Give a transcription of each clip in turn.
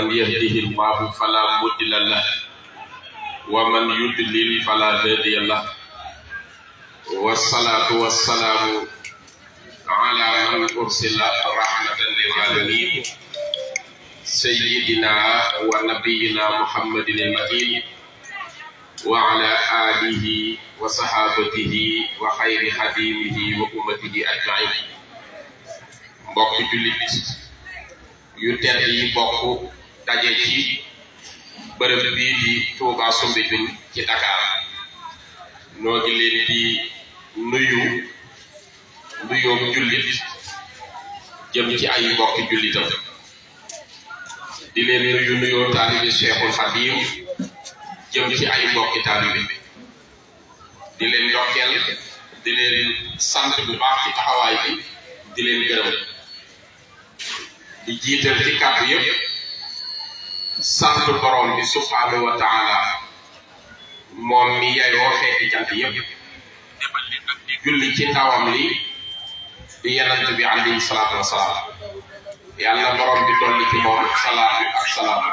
من يهده الله فلا مضل له ومن يضلل فلا هادي له والصلاة والسلام على من أرسل رحمة للعالمين سيدنا ونبينا محمد المكين وعلى آله وصحابته وخير خديمه وأمته أجمعين mbokk جوليت yu tedd daje ci bërëb bii di Touba Soumbédioune ci Dakar noo ngi leen di nuyu nuyoom jullit jëm ci ay mbokki jullitam di leen nuyu nuyoo taalibi Cheikhul Khadim jëm ci ay mbokki taalibi di leen ndokkeel di leen sant bu baax ci taxawaay bi di leen gërëm di jiital ci kàddu yëpp sant borom bi subhaanahu wa moom mi yayoo xeeti jant yépp julli ci ndawam li di yonent bi alayhi salaatu wa salaam bi dolli ci moom salaatu ak salaam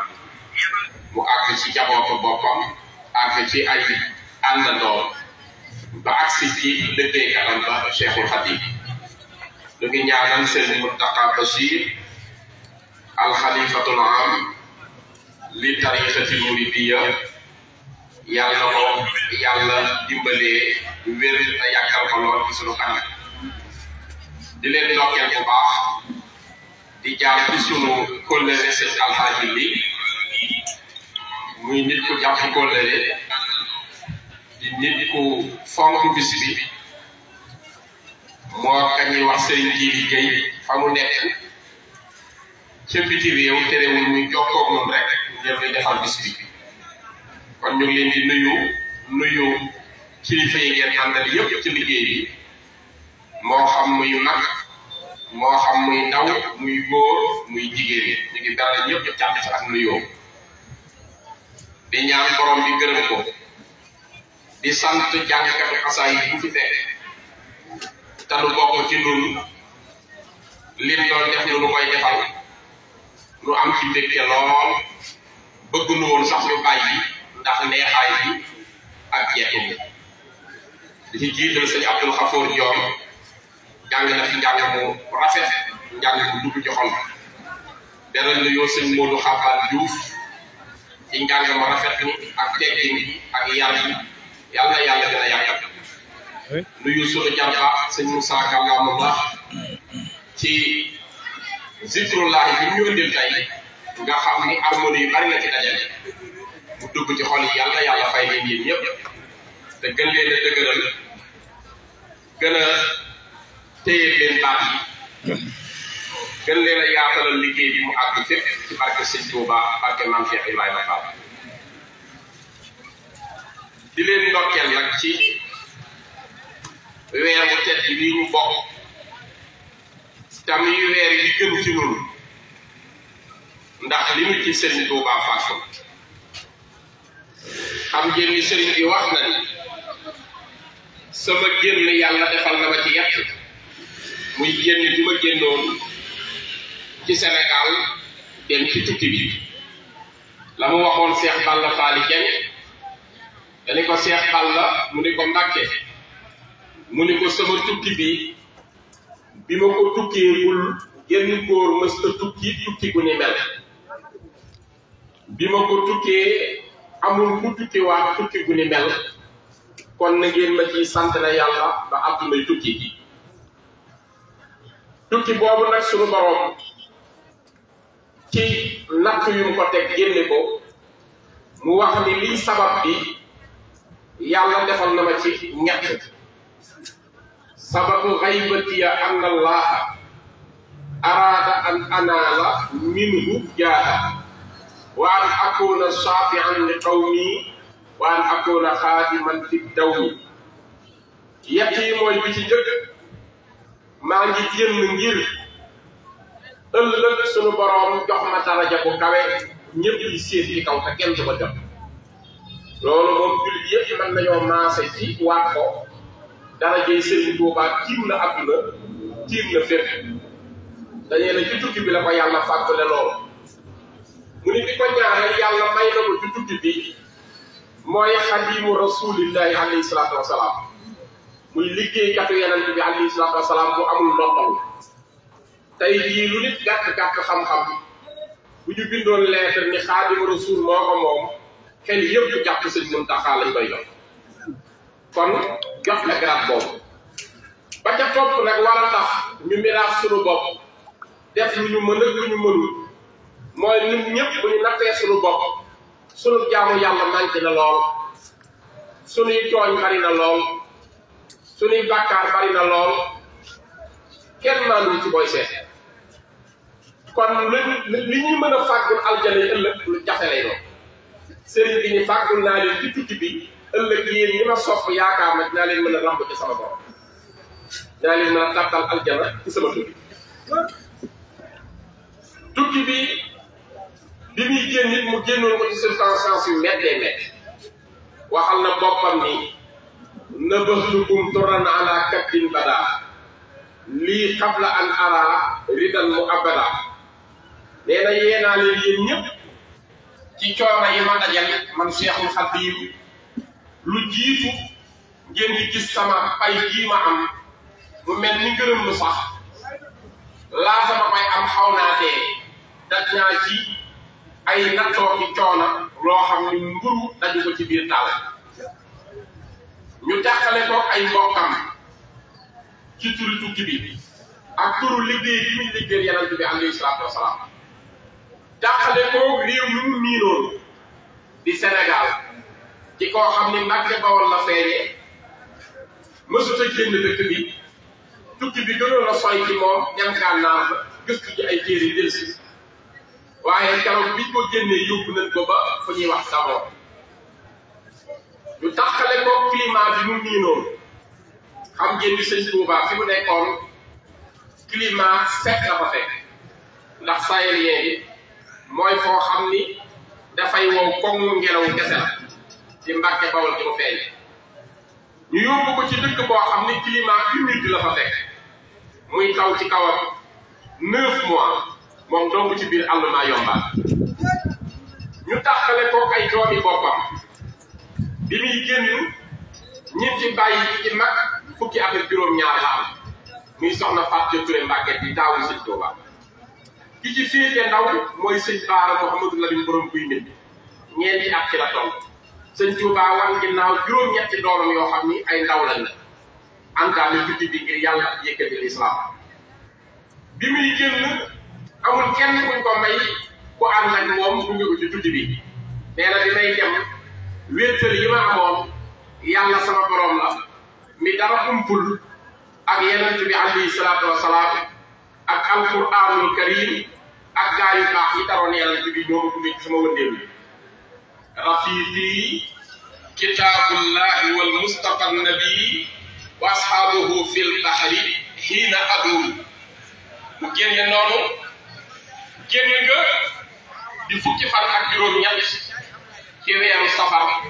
mu ci jabootu boppam àgg ci ay àndandoom ba agsi ci dëggee kanam ba Cheikhul Khadim ñu ngi ñaanal seen Muntaqa Bachir al xalifatul am li tariqatil muridiyya yàlla ko yàlla dimbalee wér na yàkkal ko lool ci sunu kanam di leen ndokkeel bu baax di jaar ci sunu kóllëre sëñ alxaaji bi muy nit ku jàpp kóllëre di nit ku fonk bis bi moo kañuy wax sëriñ Jiili Géey fa mu nekk ca biti réew terewul ñu jokkoo moom rek ñoo koy defal bis bi kon ñu ngi di nuyu nuyu kilifa yi ngeen àndal yépp ci liggéey bi moo xam muy mag moo xam muy ndaw muy góor muy jigéen ñu ngi dalal ak di ñaan borom bi gërëm ko di sant jàngkat xasaay bu fi fekk te lu bokk ci nun lim doon def ñu lu koy defal lu am ci mbégte lool bëgguñu woon sax ñu bàyyi ndax neexaay bi ak jeexin bi di ci jiital sëñ Abdul Xafoor Joom jàng na fi njàng mu rafet njàng mu dugg ci xol beral na yoo sëñ Moodu Xabaar ci njàng ma rafet ak teggin ak yar yi yàlla na yàlla gën a yàggal nuyu sunu jàmba sëñ Moussa Kalla mu baax ci zikrullahi bi ñu indil tey nga xam ni harmonie yu bari la ci dajale bu dugg ci xol yi yàlla yàlla fay leen yéen ñëpp te gën leen a dëgëral gën leen a yaatalal liggéey bi mu àgg fépp ci barke Sëñ Tuuba barke Maam Cheikh Ibrahima Fall di leen ndokkeel nag ci weer wu tedd ñu bokk tam yu weer yi gën ci noonu ndax li mu ci sëriñ Tuubaa fàkk xam ngeen ni sëriñ bi wax na ni sama génn yàlla defal na ma ci yàq muy génn bi ma génnoon ci Sénégal dem ci tukki bi la mu waxoon Seex Balla Faali Jeng dañu ko Seex Balla mu ni ko Mbàkke mu ni ko sama tukki bi bi ma ko tukkeegul génn góor mës a tukki tukki gu ni mel bima ko tukke amul mu tukke wa tukke mel kon na ngeen ma ci sant na yalla ba may tukki gi tukki bobu nak suñu borom ci nak yu ko tek génne ko mu wax ni li sabab bi yalla defal na ma ci ñet sababu ghaibati ya anallah, arada an anala minhu jaaha wa an akuna shafian li qawmi wa an akuna xaadiman fi dawmi yett yi mooy bi ci njëkk maa ngi génn ngir ëllëg sunu boroom jox ma daraja bu kawe ñëpp yi séet ci kaw te kenn du ma jot loolu moom jullit yëpp mën nañoo maase ci waat ko darajay Sëriñ Tuubaa tiim na àdduna tiim na fépp dañee ne ci tukki ko yàlla fàggale loolu muni diko ñaanal yalla may na ko ci tukki bi moy khadimu rasulillahi alayhi salatu wassalam muy liggey liggéeykatu yenent bi alayhi salatu wassalam bu amul noppalu tay jii lu nit gatt gatt xam-xam bu ñu bindoon lettre ni khadimu rasul moo ko moom xel yëpp jàpp sëñ taxa lañ koy jox kon jox la garab bob ba ca top nak wala tax ñu mirage suñu bopp def lu ñu mëna ñu mënul mooy ñun ñëpp bu ñu nattee suñu bopp suñu jaamu yàlla manqué na lool suñuy tooñ bari na lool suñuy bàkkaar bari na lool kenn maanul ci booy seet kon lu li ñu mën a fàggul aljana yi ëllëg lu jafe lay doon sëriñ bi ñu fàggul naa leen ci tukki bi ëllëg yéen ñi ma sopp yaakaar nag naa leen mën a ramb ci sama borom naa leen mën a tàbbal aljana ci sama tukki tukki bi bi muy génn nit mu génnoon ko ci circonstances yu méttee métti waxal na boppam ni na bëxlukum turan ala kattin badaa lii xabla an ara ridan mu abada nee na yeenaa leen ci coono yi ma dajal man Seexul Xadiim lu jiitu ngeen gis sama pay gii ma am mu mel ni ngërëm lu sax laa sama pay am xaw naa dee dat naa ci ay nattoo ci coona loo xam ni mburu dañu ko ci biir taal ñu jàqale ko ay mbokkam ci turu tukki bi ak turu liggéey bi muy liggéey yonent bi alayhi salaatu wasalaam jàqale ko réew mi mu miinoon di Sénégal ci koo xam ni Mbàkke Bawol la feeñee mësut a génn dëkk bi tukki bi gënoon a soy ci moom ñam gànnaar ba gëstu ci ay téere delsi waaye keroog biñ ko génnee yóbbu nañ ko ba fu ñuy wax saboor ñu taxale ko climat bi mu miinoon xam ngeen ni sëñ Touba fi mu nekkoon climat sec la fa fekk ndax sahélien bi mooy foo xam ni dafay wow koŋ ngelaw kese la ci Mbàkke Bawol ci mu feeñ ñu yóbbu ko ci dëkk boo xam ni climat humide la fa fekk muy taw ci kawam neuf mois moom dong ci biir àll maa yombal ñu tàqale kooku ay doomi boppam bi muy génn ñi ci bàyyi ci mag fukki at ak juróom-ñaar la am muy soxna Fatou Touré Mbacke di taawu sëñ Touba ki ci féete ndaw mooy sëñ Baara Mouhamadou Lamine borom kuy nit ñeenti at ci la toll sëñ Touba wan ginnaaw juróom-ñetti doomam yoo xam ni ay ndaw lañ la àndaale guddi bi ngir yàlla yëkkati lislaam bi muy génn. amul kenn kuñ ko may ku ànd ak moom gunge ko ci tukki bi nee na dinay dem wéetal yi ma amoon yàlla sama borom la mi dara umpul ak yonent bi alayhi salaatu wasalaam ak alquraanul karim ak gaa yu baax yi daroon yàlla ci bi ñooma gunge ci sama wëndeel bi rafiqi kitaabullahi wal mustafa nabii wa ashaabuhu fil bahri hiina adul mu génne noonu génne nga di fukki fan ak juróom-ñett ci weeru safar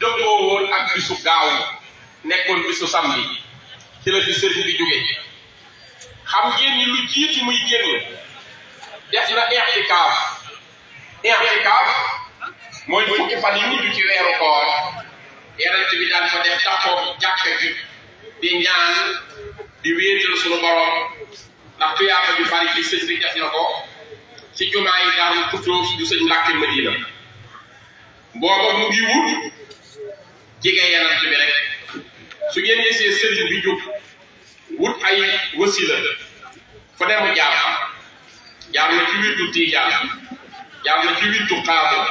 dëppoo woon ak bisu gaaw nekkoon bisu samedi ci la fi sëriñ bi jóge xam ngeen ni lu jiitu muy génn def na i'tikaaf i'tikaaf mooy fukki fan yu mujj ci weeru koor yonent bi daan fa def taxaw jàkka ji di ñaan di wéetal sunu borom ndax tuyaaba ju bari ci sëñ bi def na ko. ci jumaa yi daaru kutoof du sëñ Mbàkke Madina booba mu wut jege yanant bi rek su ngeen yësee sëriñ bi jóg wut ay wasila fa dem jaar fa jaar na ci wirdu Tijaan jaar ci wirdu Xaadir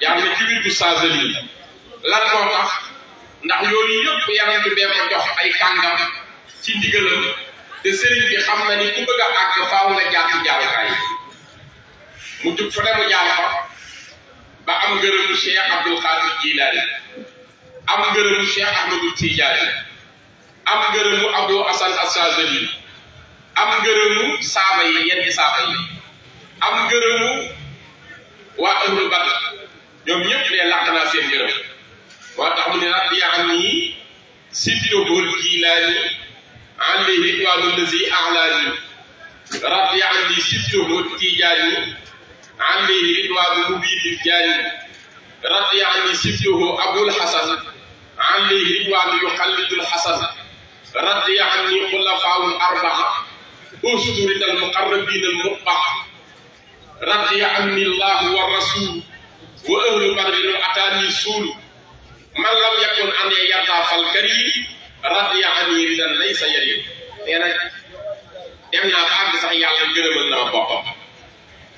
jaar na ci wirdu Saasali lan moo tax ndax yooyu yëpp yanant bee ko jox ay kàngam ci ndigalam te sëriñ bi xam na ni ku bëgg a àgg faaw nga jaar ci mu jug fu ne mu jaar fa ba am ngërëmu Cheikh Abdul Xaadir Jilaani am ngërëmu Cheikh Ahmadu Tijaani am ngërëmu Abdou Asan Asazali am ngërëmu saaba yi yenn saaba yi am ngërëmu waa ahlul badr ñoom ñëpp de làq naa seen ngërëm moo tax mu ne nag yaa nii siddohul Jilaani alayhi ridwaanu lazi alaani rabbi yaa nii siddohul Tijaani عمه إمام مبين الجاري رضي عني سبته أبو الحسن عمه إمام يخلد الحسن رضي عني خلفاء الأربعة أسطورة المقربين المقطعة رضي عني الله والرسول وأهل بدر أتاني سول من لم يكن أن يرضى فالكريم رضي عني اذا ليس يريد يعني يعني أنا صحيح على انه بابا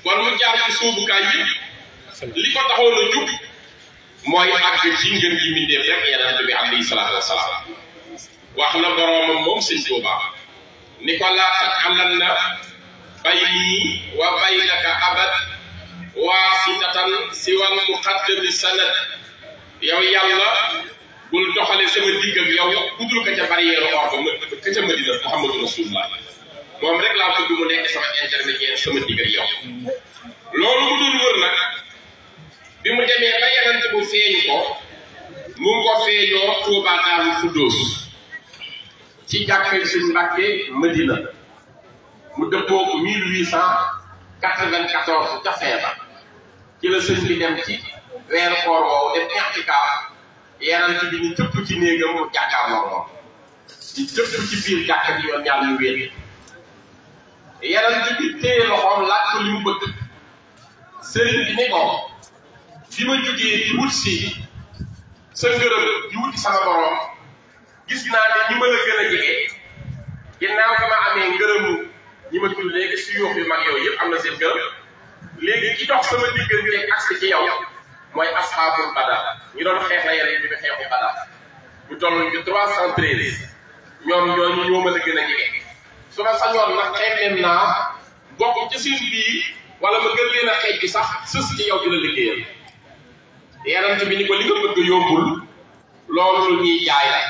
kon mu jaar ci sóobukaay yëpp li ko taxoon a jug mooy àgg ci ngën gi mbindéef rek yonent bi alayhi salaatu wasalaam wax na boroomam moom sëñ Tuubaa ni ko laa taj'alanna baynii wa baynaka abad waasitatan siwal muqaddami sanad yow yàlla bul doxale sama digg ak yow kudul ca barrière or ba ka ca Madina Muhammadu Rasulullah moom rek laa bëgg mu nekk sama intermédiaire sama digal loolu mu dul wër nag bi mu demee ba yonent bu feeñu ko mu ngi ko feeñoo Tuuba Daaru Xuddoos ci jàkkay suñ Mbàkke Madina mu dëppoo ko 1894 ca feebar ci la sëñ dem ci weeru koor woowu dem i'tikaaf bi ñu cëpp ci néegam mu jàkkaarloo moom ñu cëpp ci biir jàkka bi yoon ñaar ñu wéet yaram ci bi loxoom laaj ko li mu bëgg sëriñ bi ni ko bi ma jógee di wut si sa ngërëm di wuti sama borom gis naa ne ñi ma la gën a jege ginnaaw bi ma amee ngërëmu ñi ma tudd léegi si yoox yu mag yooyu yëpp am na seen ngërëm léegi ci dox sama diggante ak si ci yow mooy asxaabul badar ñu doon xeex la yeneen bi bi xeexu badar ñu toll ñu trois cent treize ñoom ñooñu ma la gën a jege su ma sañoon nag xeymem naa bokk ci seen biir wala ma gën leen a xeej bi sax sës ci yow dina liggéeyal yarante bi ni ko li nga bëgg yombul loolu lu jaay la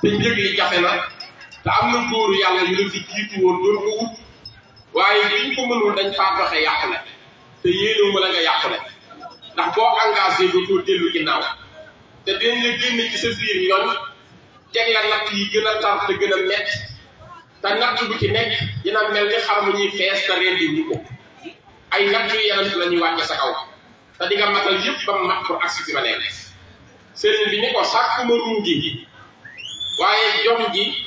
te njëg li jafe na te am na góoru yàlla yu la fi jiitu woon doon ko wut waaye li ñu ko mënul dañ faa doxe yàq la te yéenewu ma la nga yàq la ndax boo engagé ba koo dellu ginnaaw te dañ la génne ci sa biir ñoom teg la yi gën a tar te gën a métti te natt bu ci nekk dina mel ni xar mu ñuy fees te di ko ay natt yu yaram la ñuy wàcce sa kaw te di nga matal yëpp ba mat pour agsi si ma nekk sëriñ bi ni ko sàkk ma ruum gi waaye jom gi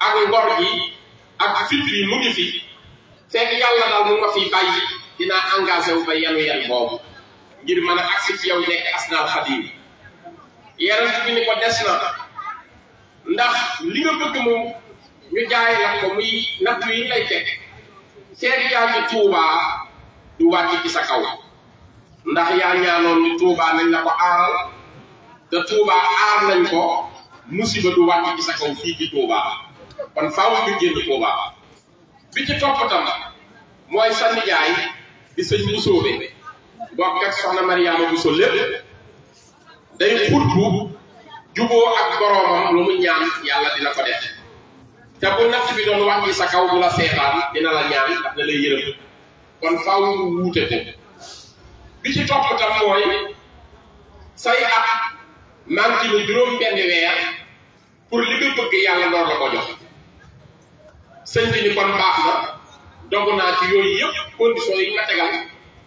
ak ngor gi ak fit bi mu ngi fi fekk yàlla daal mu ma fi wu ba ngir ci yow yaram ni ko des na ndax li nga bëgg ñu jaay la ko muy natt yi lay teg seet yaa ngi tuubaa du wàcc ci sa kaw ndax yaa ñaanoon ni tuubaa nañ na ko aaral te tuubaa aar nañ ko musiba du wàcc ci sa kaw fii ci tuubaa kon faaw ñu génn tuubaa bi ci topp tam mooy sa nijaay di sëñ Bousso bi bokk ak soxna Mariama Bousso lépp day xutbu juboo ak boroomam lu mu ñaan yàlla dina ko def te bu natt bi doon wax ci sa kaw bu la seetaan dina la ñaan ndax da lay yërëm kon faaw mu wuute bi ci topp mooy say at man ci ni juróom pour li nga bëgg yàlla loolu la ko jox sëñ ni kon baax na dogg naa ci yooyu yëpp conditions yi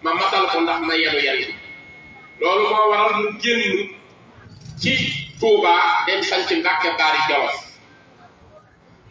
ma matal ko ndax ma yenu yenu loolu moo waral mu génn ci Tuubaa dem sañ ci Mbàkke Baari Jolof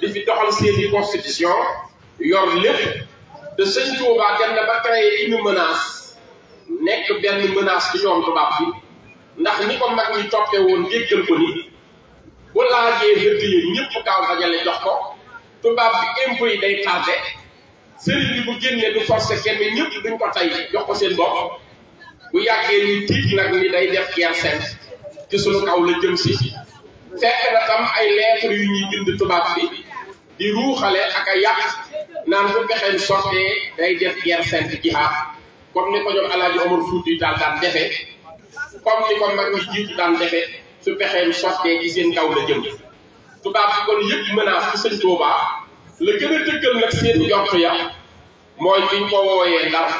di fi doxal seeni constitution yor lépp te sëñ Touba dem na ba créé une menace nekk benn menace ci ñoom tubaab bi ndax ni ko mag ñi toppee woon déggal ko ni bu laajee hëdd yi ñëpp kaaw dajale jox ko tubaab bi impôt yi day tardé sëriñ bi bu génnee du forcé kenn ñëpp duñ ko tey jox ko seen bopp bu yàggee ni tiit nag ni day def guerre ci sunu kaw la jëm si fekk na tam ay lettres yu ñuy bind tubaab bi di ruuxale ak a yàq naan bu pexeen sottee day def guerre sainte jihaad comme ni ko ñoom Alaaji Omar Fuuti daal daan defee comme ni ko mag ñi jiitu daan defee su pexeen sottee ci seen daw la jëm tubaab bi kon yëpp menace ci sëñ Tuuba la gën a dëggal nag seen jort ya mooy biñ ko wooyee Ndar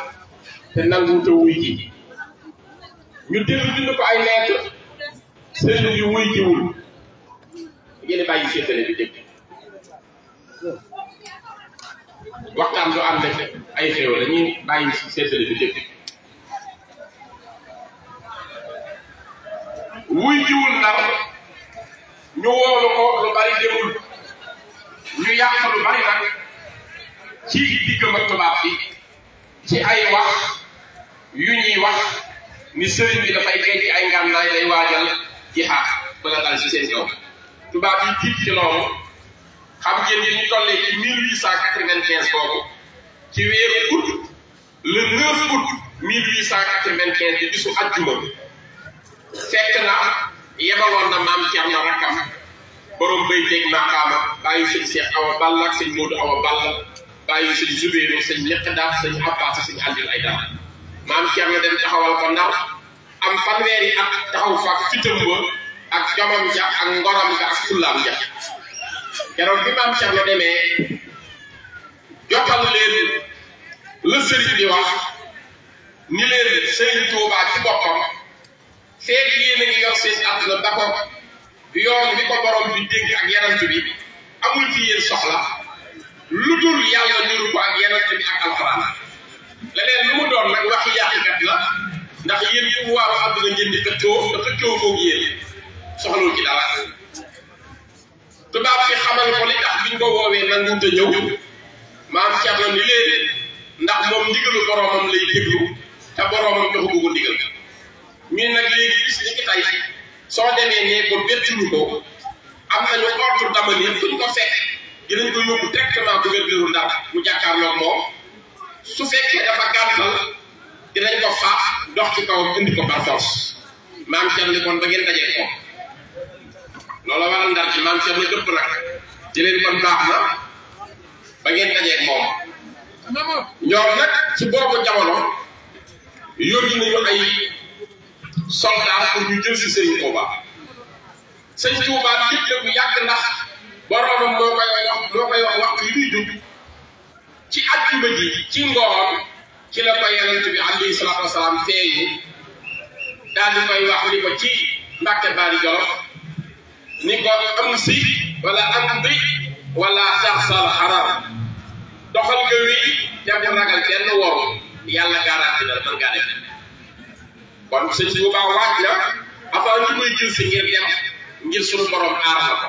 te nanguwuta wuy ji ñu dellu bind ko ay lettre sëriñ bi wuy jiwul ngeen bàyyi séetale bi dégg waxtaan du ànd ak ay xew la ñuy bàyyi wuy jiwul ndar ñu woolu ko lu bari demul ñu yàq lu bari nag ci diggam ak tubaab bi ci ay wax yu ñuy wax ni sëriñ bi dafay denc ay ngànnaay lay waajal jihaad ba nga dal si seen yow tubaab yi jiit ci loolu xam ngeen ni ñu tollee ci 1895 bobu ci wéru août le 9 août 1895 ci bisu aljuma fekk na yebalon na mam ci amna Rakam borom bay tek maqaama bàyyi sëñ Cheikh Awa Balla ak Modou Awa Balla bàyyi sëñ Zubéeru sëñ Miqdaaf sëñ Abbas ak sëñ Andil mam ci amna dem taxawal ko ndar am fanweeri ak taxaw fa fitam ba ak jamam ja ak ngoram ja ak sulam ja keroog bi maam Cheikh la demee jotal leen la sëriñ bi wax ni leen sëriñ Touba ci boppam feeg yéen a ngi yor seen àdduna ba ko yoon bi ko borom bi dégg ak yarant bi amul ci yéen soxla lu dul yàlla niru ko ak yarant bi ak alxuraan leneen lu mu doon nag waxi yàqkat la ndax yéen yi waaru àdduna ngeen di xëccoo te xëccoo foog yéen soxlawul ci tubaab bi xamal ko li tax biñ ko woowee nanguwut a ñëw maam Cerno ni leen ndax moom ndigalu boroomam lay déglu te boroomam joxu ko ko ndigal nag léegi bis ni ki soo demee nee ko bettuñu ko am nañu ordre damani fuñ dinañ ko yóbbu directement gouverneur mu jàkkaarloog moom su fekkee dafa gàttal dinañ ko faax dox ci kawam indi ko par maam Cerno ni ba ngeen dajee ko loola waral ndar ci maam Cheikh na dëpp nag ci leen kon baax na ba ngeen dajeeg moom ñoom nag ci boobu jamono yóbbu nañu ay soldat pour ñu jël si sëñ Touba sëñ Touba lépp bu yàgg ndax boromam moo koy wax moo koy wax waxtu yi ci ji ci ci la ko bi di koy wax ko ci ni ko amsi wala anti wala tarsal haram doxal nga wi jam ragal kenn wor yalla garanti dal man nga def kon seigne touba waaj ya afa ñu koy jël ci ngir yam ngir sunu borom aar ko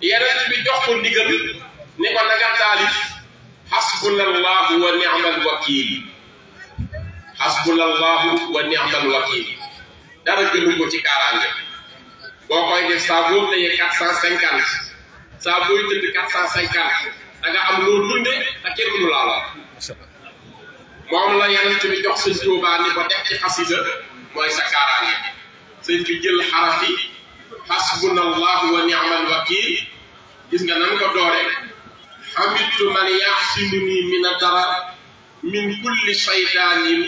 bi jox ko digal ni ko daga talif hasbunallahu wa ni'mal wakil hasbunallahu wa ni'mal wakil dara gënu ko ci karange boo koy def saa boo tëyee quatre cent cinquante saa booy tëdd quatre cent cinquante da am loo dunde ak kenn mu laal moom la yonent bi jox sëñ Tuubaa ni def ci xasida mooy sa kaaraange sëñ bi jël xaraf yi xasbunallahu wa ni'mal wakiil gis nga nan ko doore xamidtu man yaxsimuni mina darar min kulli saytaanin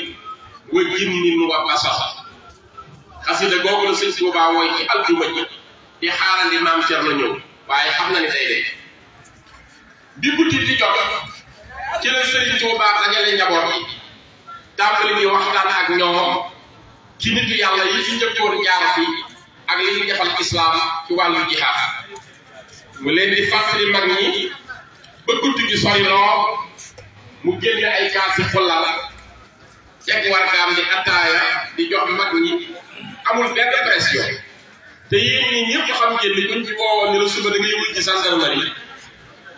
wa jinnin wa basar xasida googu la sëñ Tuubaa wooy ci aljuma ji di xaarandi maam Cerno ñëw waaye xam na ni day bi guddi di jot ci la sëñ Tuubaa dajale njaboot yi tàmbali ñuy waxtaan ak ñoom ci nitu yàlla yi fi njëkkoon jaar fi ak li ñu defal islaam ci wàllu jihaad mu leen di fàttali mag ñi ba guddi gi sori lool mu génne ay kaasi xullal teg wargaam di attaaya di jox mag ñi amul benn pression te yéen ñi ñëpp xam ngeen ni buñ ni la suba da nga yëgul ci gendarmerie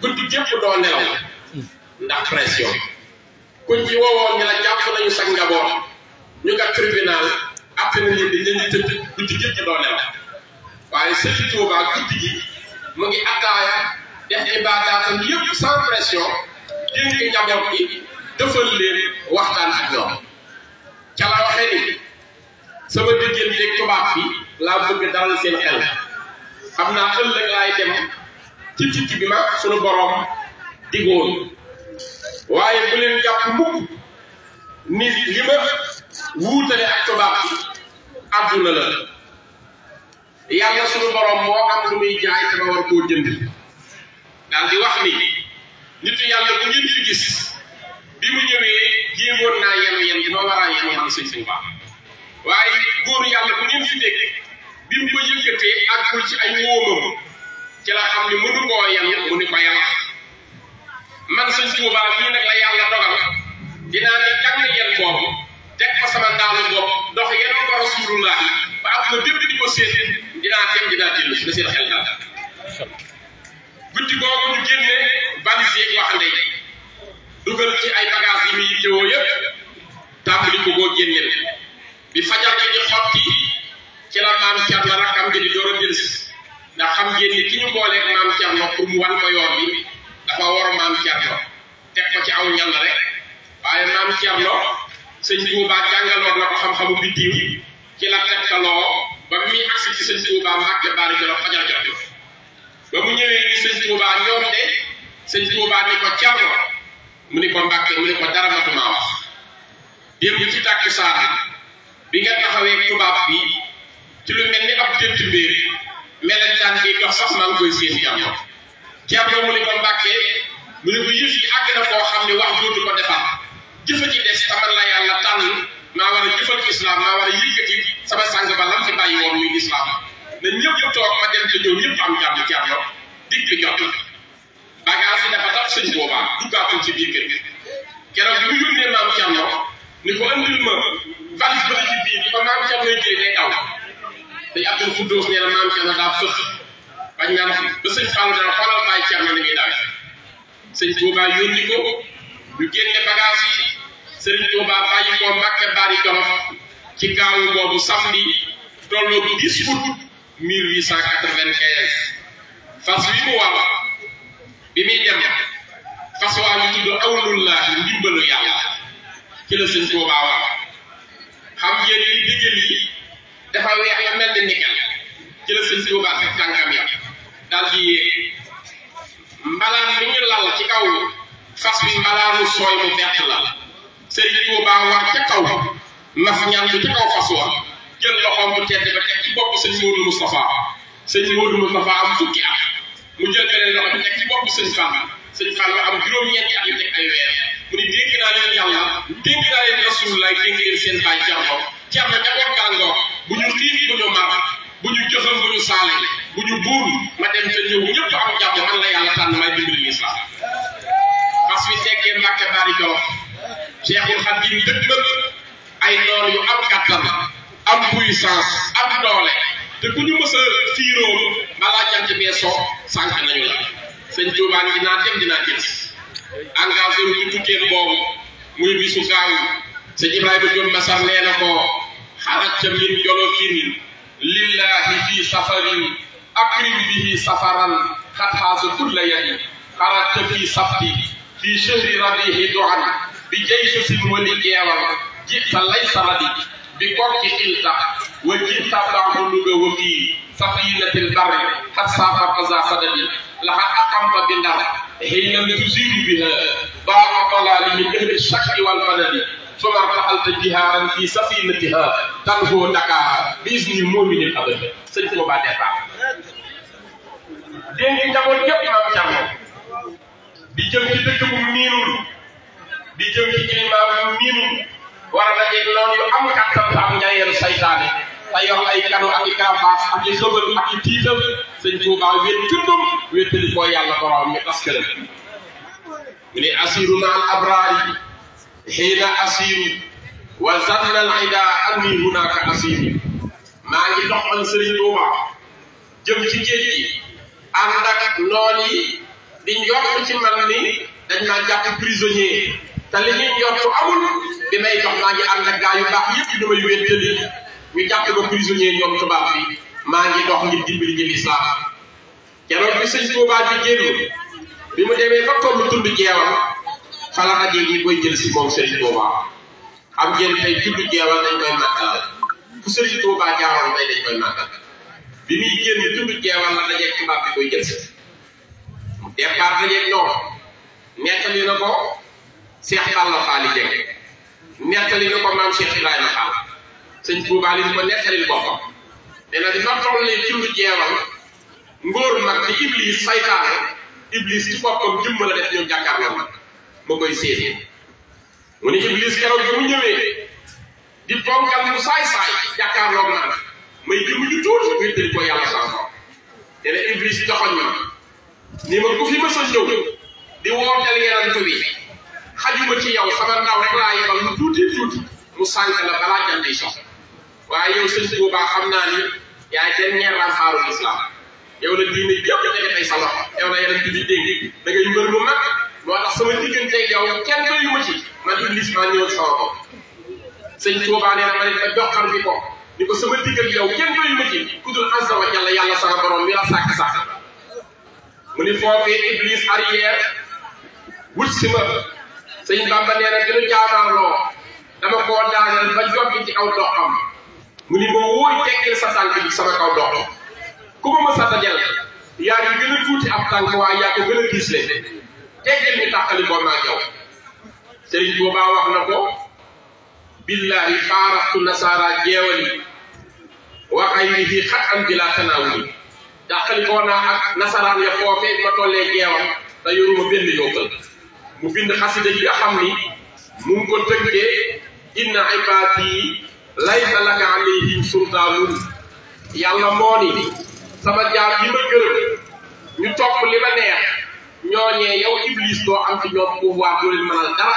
guddi gépp doo nelaw ndax pression kuñ ci woowoon ni la jàpp nañu sa njaboot ñu nga tribunal àtte nañ leen di leen di tëdd guddi gépp doo nelaw waaye Sëriñ Tuubaa guddi gi mu ngi attaaya def ibaadaatam yëpp sans pression jëndi njaboot gi defal leen waxtaan ak ñoom ca la waxee sama diggante yi rek tubaab bi laa bëgg dalal seen xel xam naa ëllëg laay dem ci tukki bi ma sunu borom diggoon waaye bu leen jàpp mukk ni li ma wuutale ak tubaab bi àdduna la yàlla sunu borom moo am lu muy jaay te war koo jënd daal di wax ni nitu yàlla bu ngeen gis bi mu ñëwee jéemoon naa yenu yen gi ma war a yenu yan suñ suñ baax waaye góor yàlla bu ngeen fi dégg bi mu ko yëkkatee àggul ci ay wóomam ci la xam ne mënu koo yem mu ni ko yàlla man sëñ Tuuba mii nag la yàlla dogal dinaa ne jàng yel boobu teg ko sama ndaalu bopp dox yenu ko rasulullah ba am na bépp di ko séen dinaa dem dinaa dellu si na seen xel daal guddi yi waxande yi dugal ci ay bagage yi muy yittewoo yëpp ko bi fajar gi di xotti ci la maam Cerno rakkam ji di door a delsi ndax xam ngeen ni ki ñu booleeg maam Cerno pour mu wan ko yoon bi dafa war maam Cerno teg ko ci aw ñal rek waaye maam Cerno sëñ Tuubaa jàngaloon na ko xam-xamu biddiw ci la tegtaloo ba muy agsi ci sëñ Tuubaa Mbàkke Baari Jolof la fajar jot ba mu ñëwee ni sëñ Tuubaa ñoom de sëñ Tuubaa ni ko Cerno mu ni ko Mbàkke mu ni ko dara matumaa wax démb ci tàkkusaan bi nga taxawee tubaab bi ci lu mel ni ab dëtt mbir melentaan bi dox sax maa ngi koy seen jàmm jàmm mu ne ko mbàkkee mu ne ko yëf yi àgg na koo xam ne wax dootu ko defar jëfa ci a tamal la yàlla tànn maa war a jëfal islam maa war a yëkkati sama sàng ba lam ci bàyyi woon muy islam na ñëpp toog ma dem te ñëw ñëpp am jàmm jàmm dig bi jot bagaas yi dafa tax sëñ boobaa duggaatul ci biir kër gi keroog bi mu yónnee maam jàmm ni ko andil ma valise ba ci biir bi ko maam ca mooy jëri day daw dañ abdul xuddoos nee na maam ca daa fëx bañ naan ba sëñ Fall dana xoolal bàyyi ceer na ni muy dawe sëñ Touba yónni ko ñu génne bagage yi sëriñ Touba bàyyi ko Mbàkke Bari Jolof ci gaawu boobu samedi tolloo bu 10 août 1895 fas wi mu war bi muy dem fas waa ñu tudd awlullahi ndimbalu yàlla ci la sëñ Touba wax xam ngeen ni diggante yi dafa weex ya mel ni nikel ci la sëñ Tuuba ak tànkam ya daal di yéeg mbalaan mi ñu lal ci kaw fas bi mbalaanu sooy mu vert la sëriñ Tuuba war ca kaw naf ñaan bi ca kaw fas wa jël loxoom bu tedd ba ci bopp sëñ Moodu Moustapha sëñ Moodu Moustapha am fukki at mu jël beneen loxo bi teg ci bopp sëñ Fall sëñ Fall ba am juróom-ñeenti at yu teg ay mu ni dégg naa leen yàlla dégg Rasulullah dégg ngeen seen bàyyi Cerno Cerno demoon gàngoor bu ñu xiif bu ñu mar bu ñu am jàmm parce que teggee Mbàkke ay noor yu am kattan am am doole te ku ñu mës a fiiroo balaa jant bee soo la sëñ Tuubaa ngi naa dem dinaa jël engagé wu boobu muy bisu gaaw sëñ Ibrahima Diop Massar nee na ko xarajta min jolofin lillahi fi safarin akrim bihi safaran xat xaasu kulla yahi xarajta fi sabti fi chehri rabihi duan bi jaysu sin wali jeewal jita laysa radi bi kokki xilta wa jita baxuluga wa fii سفينة البر حتى فقزا صدد لها أقمت بالنار حين تزيل بها باع ضلال من أهل الشك والفلد ثم ارتحلت جهارا في سفينتها تنهو دكاها باذن المؤمن ابدا سيد توبا دفا دين دي جابول ييب مام جامو دي جيم سي دك بو مينول دي جيم سي كلمه بو مينول war na ci noon am kattan te am njayeen saytaane te ay kanu ak i karabaas ak i sëbal ak i tiital sëñ Tuubaa wéet tundum wéetali koo yàlla borom mi parce que mu ne asiru maal abraar yi xiina asiiri wa zannal ida anni hunaka asiiri maa ngi dox man Sëriñ Tuuba jëm ci géej gi ànd ak noon yi di njort ci man ni dañ maa jàpp prisonnier te li ñuy njort amul bi may dox maa ngi ànd ak gaa yu baax yëpp yu damay wéttali ñu jàpp ko prisonnier ñoom tubaab bi maa ngi dox ngir dimbali ngir islaam keroog bi sëñ Tuuba bi génn bi mu demee ba tollu tund jeewal fala rajo yi koy jël si moom Serigne Touba am ngeen tey juddu jeewal dañ koy màggal fu Serigne Touba jaaroon tey dañ koy màggal bi muy bi koy jël si départ dajeeg ñoom nettali na ko Cheikh Balla Faali Jeng nettali na ko maam Cheikh Ibrahima Fall ko nettalil boppam nee na dafa toll ne juddu jeewal ngóor mag di Iblis saytaane Iblis ci boppam jëmm la def ñoom jàkkaarloo mag ma koy séenee mu ne Iblis keroog bi mu ñëwee di ponkal mu saay-saay jàkkaarloog naa may jëm ju tuuti muy tëj ko yàlla sama borom te ne Iblis doxal ñu ni ma ku fi mës a ñëw di wooteel yeneen bi xajuma ci yow sama ndaw rek laa yebal lu tuuti tuuti mu sànq la waaye yow sëñ Tuubaa xam naa ni yaay dernier rempart u islam yow la diine yëpp da nga tey sa loxo yow la yeneen bi di dégg da ngay moo tax sama digganteeg yow kenn doyu ma man iblis maa ñëwal sama bopp sëñ Tuubaa nee na ma ne doxal bi ko ni ko sama digganteeg yow kenn wa sama borom mi la sàkk sa tànk bi sama kaw dox ku ma sa dajal yaa ngi gën a tuuti ab tànk waaye yaa gën a gis tey jii ñu tàqali ko naa yow Serigne Touba wax na ko billahi faaraxtu nasaara jeewali wa xayrihi xat am bila tanaawuli tàqali ko naa ak nasaraan ya foofee ma tollee jeewal te yoruma benn yokkal mu bind xasida yi nga xam ni mu ngi ko tënkee inna ibaadi laysa laka alayhim sultaanun yàlla moo ni sama jaam yi ma gërëm ñu topp li ma neex. ñooñee yow iblis doo am ci ñoom pouvoir doo leen mënal dara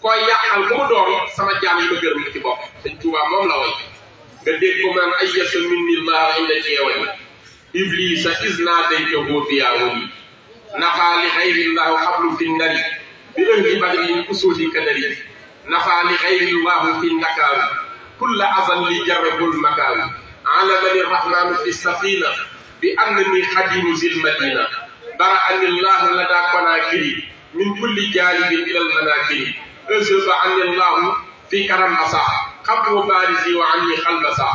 koy yàqal bu mu doon sama jaam yi ma gërëm ci bopp sëñ Touba moom la woy nga dégg ko man ay yasa min ni laa inda ceewal iblis a is naa day ko boo fiyaa woon nafaa li xayri laahu xablu fi nari bi ëngi bari yi usuli kadari nafaa li xayri laahu fi ndakaaru kulla azan li jarabul makaaru alamani rahmaanu fi safina bi annani xadimu zil madina برأني الله لدى قناكري من كل جانب إلى المناكر أزهب عني الله في كرم أصاح قبل فارسي وعني خلبسا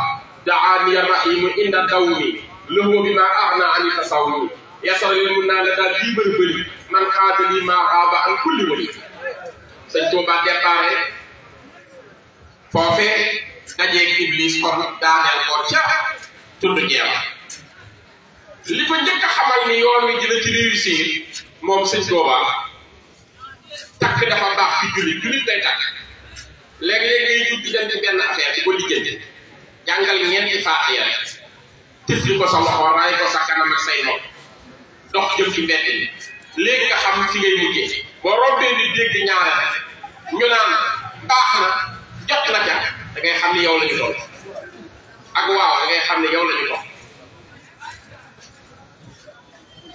دعاني الرحيم إن الدوم له بما أعنى عن التصوم يسر للمنا لدى كبر بري من قاتل ما غاب عن كل ولي سيدو بعد يقاري فوفي دجيك إبليس قرن دانيال قرشا تدجيك li ko njëkk xamal ni yoon wi dina ci réussir moom sëñ Tuubaa takk dafa baax ci julit julit day takk léeg-léeg ngay jug diggante benn affaire di ko liggéeyante jàngal ñeenti faatiya tëj ko sa loxo raay ko sa kanam ak say nopp dox jëm ci mbedd mi léegi nga xam ci ngay mujjee boo rombee ni dégg ñaare ñu naan baax na jot na ca da ngay xam ni yow la ñu dox ak waaw da ngay xam ni yow la ñu dox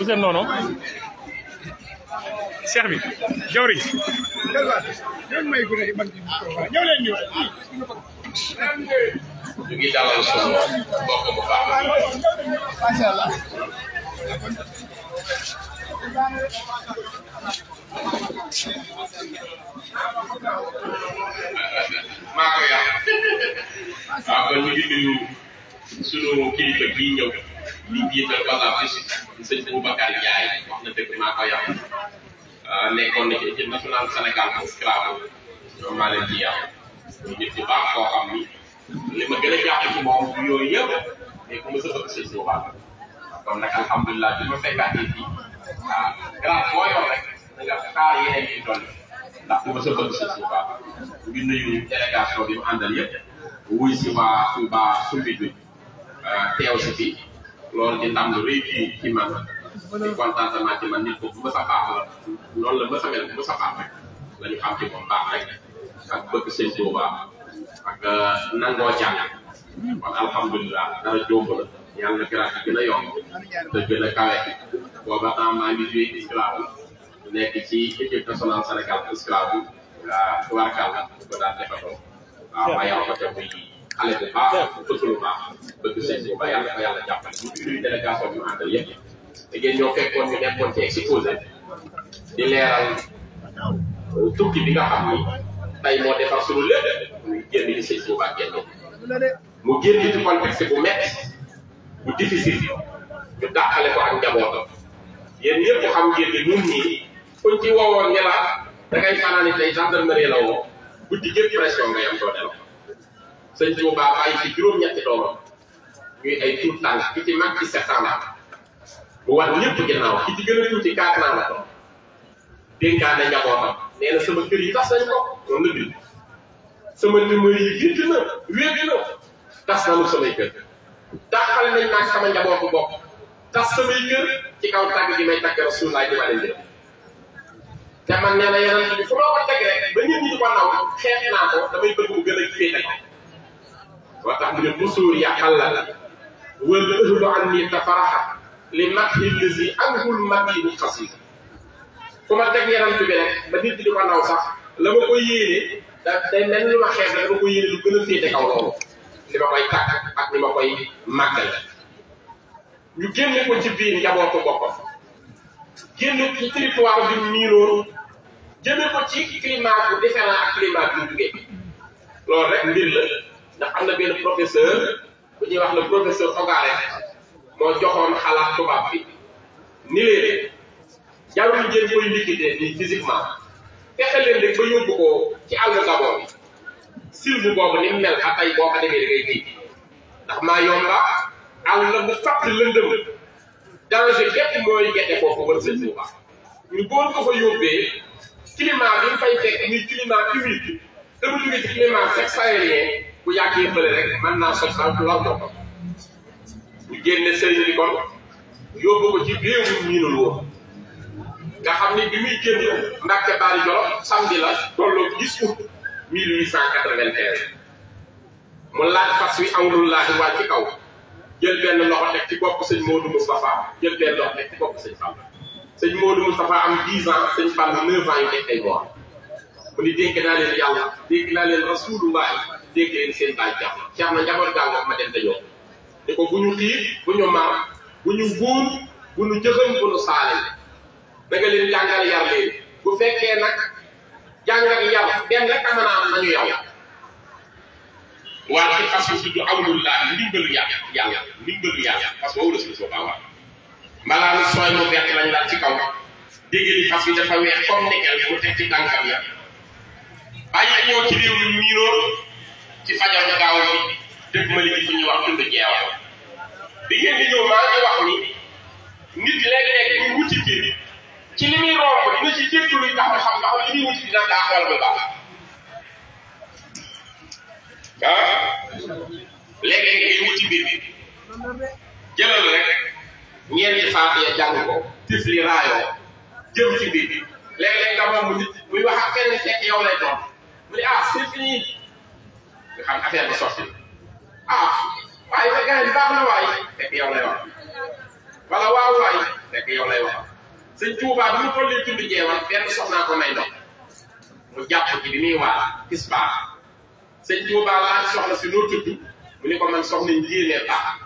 Ousseyn noonu cheikh bi jawri ñu ngi dalal maa ko yàq waaw kon ñu ngi nuyu sunu kilifa gii ñëw di jiital Pazal sëñ Boubacar Ndiaye wax na dëgg maa ko yàq nekkoon na ci équipe nationale Sénégal bu Scrabble ñoom maa leen di yàq ñu nit ñu baax ni li ma gën a jàpp ci moom yooyu yëpp ku ma sa bëgg sëñ Touba kon nag alhamdulilah bi ma fekkaatee fii ah grâce boo yor nga xaar yeneen ñuy dolli ndax dama ngi nuyu délégation bi mu àndal yëpp wuy si waa Touba Soumbédioune teew si fi loolu di ndam lu rëy ci ci man di contentement ci man nit ko bu mës a la loolu la la ñu xam ci moom baax rek ak bëgg sëñ Touba ak nangoo jàng kon alhamdulilah dara jómb la yàlla na gën a yomb te gën a kawe booba temps maa ngi joué ci nekk ci équipe nationale Sénégal esclave bi tubaarkaal la ko daan defandoo. waaw waaye yow ko muy xale bu baax bëgg lu baax bëgg seen ba yàlla ba yàlla jàppale ñu délégation bi mu àndal yëpp te ngeen ñoo fekkoon ñu nekkoon ci exposé di leeral euh, tukki bi nga xam ni tey moo defar suñu lépp muy génn li sëñ Tuubaa génn mu génn ci contexte bu métti bu difficile ñu dàqale ko ak njabootam yéen ñëpp xam ngeen ni ñun ñii kuñ ci woowoon ne la da ngay fanaani tey gendarmerie la woo guddi gépp pression nga yam doo dem sëñ Touba bàyyi ci juróom-ñetti doomam ñuy ay tuut tànk ki ci mag ci septembre mu war ñëpp ginnaaw ki ci gën a tuuti quatre ans la ko dénkaane njabootam nee na sama kër yi tas nañ ko noonu la bind sama numéro yi bind na na tas nanu samay kër tàqale nañ maag sama tas samay kër ci kaw gi may di ma leen te man nee na yeneen bi fu ma ko teg rek ba ñëpp ñi di ko naw xeex naa ko damay bëgg mu gën a féete ko moo tax mu ne musuur ya xalla la wal ëhlu an ni tafaraxa li matxi lisi angul matinu xasid fu ma teg yeneen bi rek ba nit ñi di ko naw sax la ma ko yéene da day mel ni ma xeex rek ma ko yéene lu gën a féete kaw loolu li ma koy tàkk ak li ma koy màggal ñu génne ko ci biir njabootu boppam génne ci territoire bi miiroon jëmee ko ci climat bu différent climat bi ñu jugee loolu rek mbir la ndax am na benn professeur bu ñuy wax le professeur Ogare moo joxoon xalaat tubaab bi ni leen jarul ngeen koy boobu ni mu mel ba tey boo ko demee da ngay ji ndax maa yomba àll la bu fàtt lëndëm danger képp mooy gerte boo ko wër sëñ bu baax ñu fa yóbbee. climat bi ñu fay fekk muy climat humide te bu jógee ci climat sax sahélien bu yàggee fële rek mën naa sot daal law na ko ñu génne sëriñ bi kon yóbbu ko ci réewu miinul woon nga xam ni bi muy génn Mbàkke Bari Jolof samedi la tolloo 10 août 1891 mu laaj fas wi awlul laahi waaj ci kaw jël benn loxo teg ci bopp sëñ Modou Moustapha jël benn loxo teg ci bopp sëñ Samba sëñ Modou Moustapha am 10 ans sëñ Balla 9 ans yu nekk ay boor mu ni dénk naa leen yàlla dénk naa leen rasulullah dénk leen seen baay jàmm ceex na njaboot gaa ma dem dañoo ni ko bu ñu xiif bu ñu mar bu ñu buur bu ñu jëxëm bu ñu saale da leen jàngal yar bu fekkee nag jàngal yar benn rek a mën am nañu yow waa ci fas yu tudd ndimbalu yàlla yàlla ndimbalu yàlla parce que wawula soo baawaat maanaam sooy mu vert lañ laal ci kaw dégg di fas bi dafa weex comme nekkal mu teg ci tànkam ya bàyyi ñëw ci réew mi miiróor ci fajar gaaw bi dëkk ma li fu ñuy wax tund jeew bi ngeen di maa ngi wax ni nit léeg-léeg ñu wuti ci ci li muy romb dina ci ah? jëlal rek ñeenti faatu ya jàng ko tifli raayoo jëm ci biir léeg-léeg nga wax ak kenn fekk yow lay doon mu ne ah c'est fini nga xam affaire bi sotti ah waaye ba gars yi baax fekk yow lay wax wala waaw waay fekk yow lay wax sëñ Tuubaa bi mu tollee tund jeewal benn soxnaa ko may ndox mu jàpp ci bi muy waat gis baax sëñ Tuubaa laa soxna si noo tudd mu ne ko man soxna njéenee baax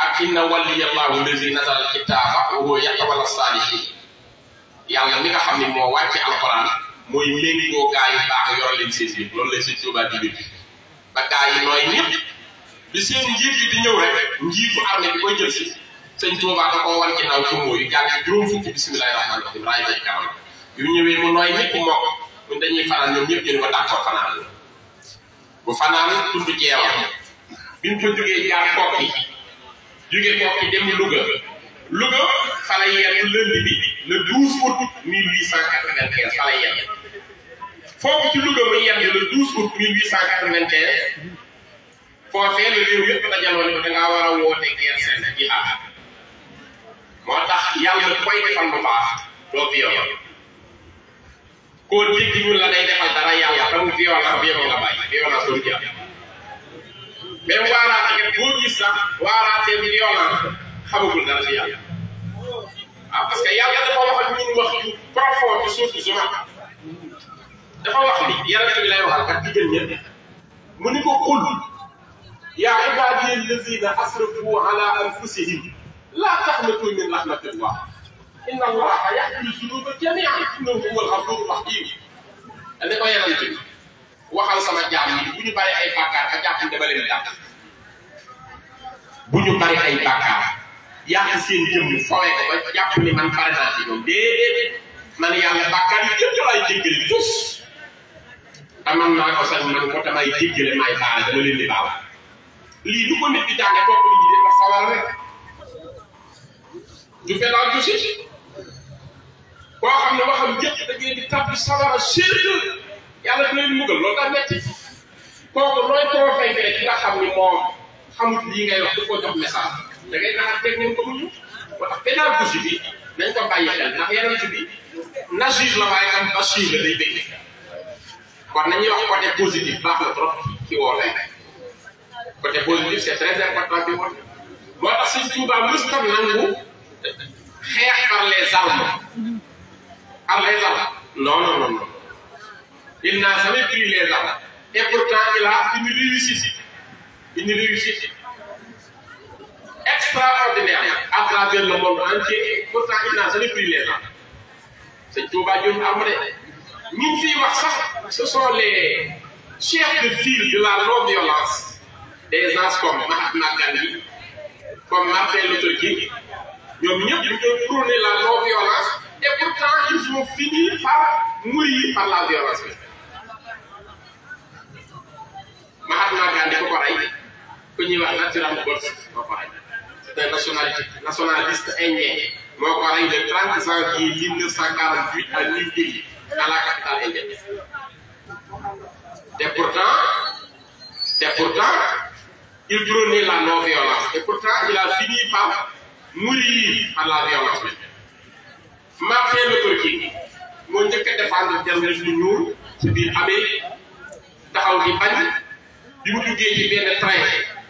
ak inna waliyallahu lazi nazala alkitaba wa huwa yatawalla salihin yàlla mi nga xam moo wàcce alquran mooy méngoo gaa yi baax yore leen seen biir nooy ñëpp bi seen njiit yi di ñëw rek njiitu armée bi koy jël si sëñ Tuubaa da koo wan ci mooy gàll juróom fukki bismillahi rahmaani rahim ñëwee mu nooy ñëpp moo ko ñun dañuy fanaan ñoom ñëpp ñu ko d'accord fanaan bu fanaan tudd jeewal bi mu ko jógee jaar kokki ko ci dem Louga Louga fa la yenn lundi bi le 12 août 1895 fa la fofu ci Louga ba yenn le 12 août 1895 le rew yépp da jalo ni da nga wara a woote guerre sainte ci ha moo tax yàlla koy defal bu baax doo violé koo dégg ñu la day defal dara yalla tamu fi yow la yow la doomu jàpp même waaraate boo gis sax waaraatee bi yoonaan xamagul dara ci yàlla waaw parce que yàlla dafa wax ak ñun wax yu profond ci suuf zuma dafa wax ni yàlla bi lay waxal ak jigéen ña mu ni ko qul يا عبادي الذين اسرفوا على انفسهم لا تقنطوا من رحمه الله ان الله يغفر الذنوب جميعا انه هو الغفور الرحيم اللي بيان waxal sama jaam bu ñu bari ay bàkkaar ka jàpp dama leen dàq bu ñu bari ay bàkkaar yàq seen jëmm fawee ko ba jàpp ni man pare naa ci ñoom déedéet man yàlla bàkkaar yi yëpp laay jéggale tous te man maa ko sañ waxam jëpp da ngeen di tàbbi yàlla dina leen muggal loolu tax metti kooku looy profité ci nga xam ni moom xamut lii ngay wax du ko jox message da ngay naxar teg ngeen ko muñu moo tax beneen bouche bi nañ ko bàyyi xel ndax yeneen ci bi nasir la waaye am basir la day dégg kon nañuy wax côté positif baax na trop ci woo lay côté positif c'est très important bi woote moo tax si Tuubaa mës tam nangu xeex par les armes par les armes non non non non Il n'a jamais pris les armes. Et pourtant, il a une réussite. Une réussite extraordinaire à travers le monde entier. Et pourtant, il n'a jamais pris les armes. C'est Touba Dion Amré. ce sont les chefs de file de la non-violence. Des gens comme Mahatma Gandhi, comme Martin Luther King. Ils ont prôné la non-violence. Et pourtant, ils ont fini par mourir par la violence. Mahatma Gandhi ko ko rey penyewaan ñuy wax Natural Borse moo nasionalis rey c'était mau parai indien moo ko rey le 30 janvier ala à New Delhi à la capitale indienne et pourtant et pourtant il prônait la non-violence et pourtant il a fini par mourir par la violence Martin Luther défendre ci taxaw bañ bi mu duggee ci benn train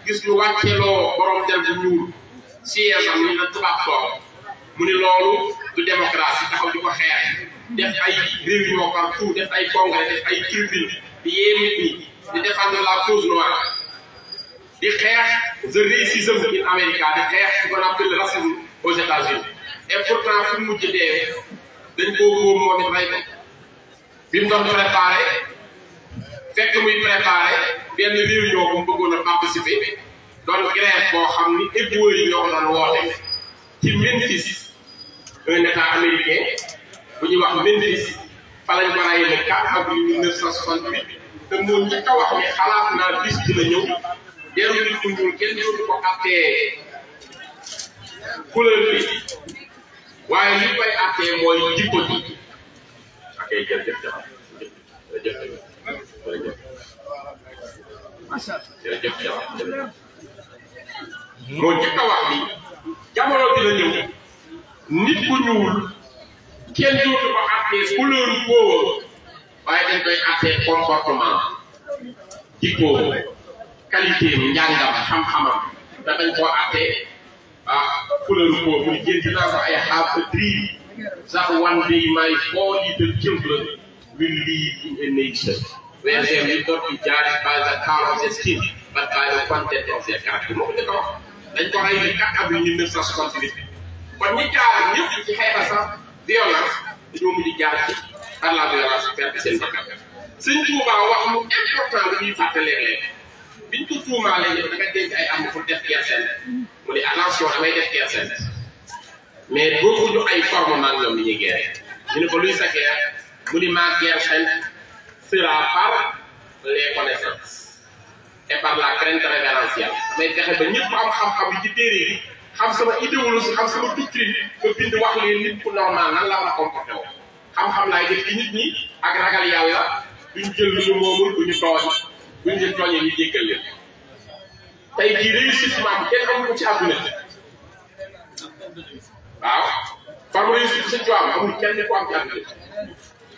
gis ñu wàcceeloo borom jant bu ñuul siège am ñu ne tubaab toog mu ni loolu du démocratie taxaw di ko xeex def ay réunion partout def ay congrès def ay tribune di yee nit di défendre la cause noire di xeex the racism in America di xeex ce qu'on appelle le aux États-Unis et fu mujj dee dañ koo góor moom it rey ko bi mu doon préparé fekk muy préparé benn réunion bu mu bëggoon a doon grève boo xam ni hébreu yi ñoo ko doon woote ci Memphis un américain bu ñuy wax Memphis fa lañ ko rey le 4 avril 1968 wax ni xalaat naa bis dina ñëw jarul nit ñu kenn dootu ko attee couleur bi waaye li koy attee mooy jikko ji. jërëjëf jërëjëf jërëjëf. moo njëkk a wax ni nit ku ñuul kenn dootu ko àttee couleur góor waaye dañ koy àttee comportement jikkoo qualité bi njàngam xam-xamam da dañ koo àttee ah couleur góor muy jënd naa sax one day my four little children will lead in a nation where they will not be judged by the color of their skin, but by the content of their character. moom la ko wax dañ ko rey le ñi jaar ñëpp ci xeexa sax violence dañoo mujj jaar ci par la violence perte seen bakkan. Sëñ Tuuba wax lu important ay am pour def kerseen mu ne attention damay def kerseen mais bokkuñu ay forme naan ñoom li ñuy géré ñu ne ko luy sa mu ne maa guerre sur la par les connaissances et par la crainte révérentielle mais fexe ba ñëpp am xam-xam yi ci téere yi xam sama idéologie xam sama doctrine ba bind wax leen nit ku normal nan la war a comporté woo xam-xam laay def ci nit ñi ak ragal yàlla duñ jël lu moomul duñu tooñ buñ leen tooñee ñu jéggal leen tey jii réussite maam kenn amu ko ci àdduna waaw fam réussite sa tuwaam amul kenn ko am ci àdduna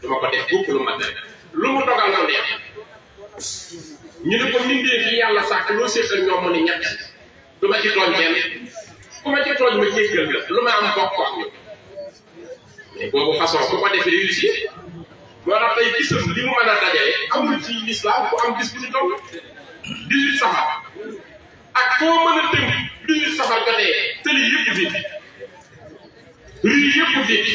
du ma ko def mukk lu ma def lu mu dogal nga neex ñu ne ko mbindee fi yàlla sàkk loo séq ak ñoom ñett du ma ci tooñ kenn lu ma am bokk boobu façon ku ko defee réussir moo tax tey gisam li mu mën a dajale amul ci lislaam bu am bis bu ñu toll dix-huit safar ak foo mën a tënk dix-huit safar jotee tëli yëpp vide rue yëpp vide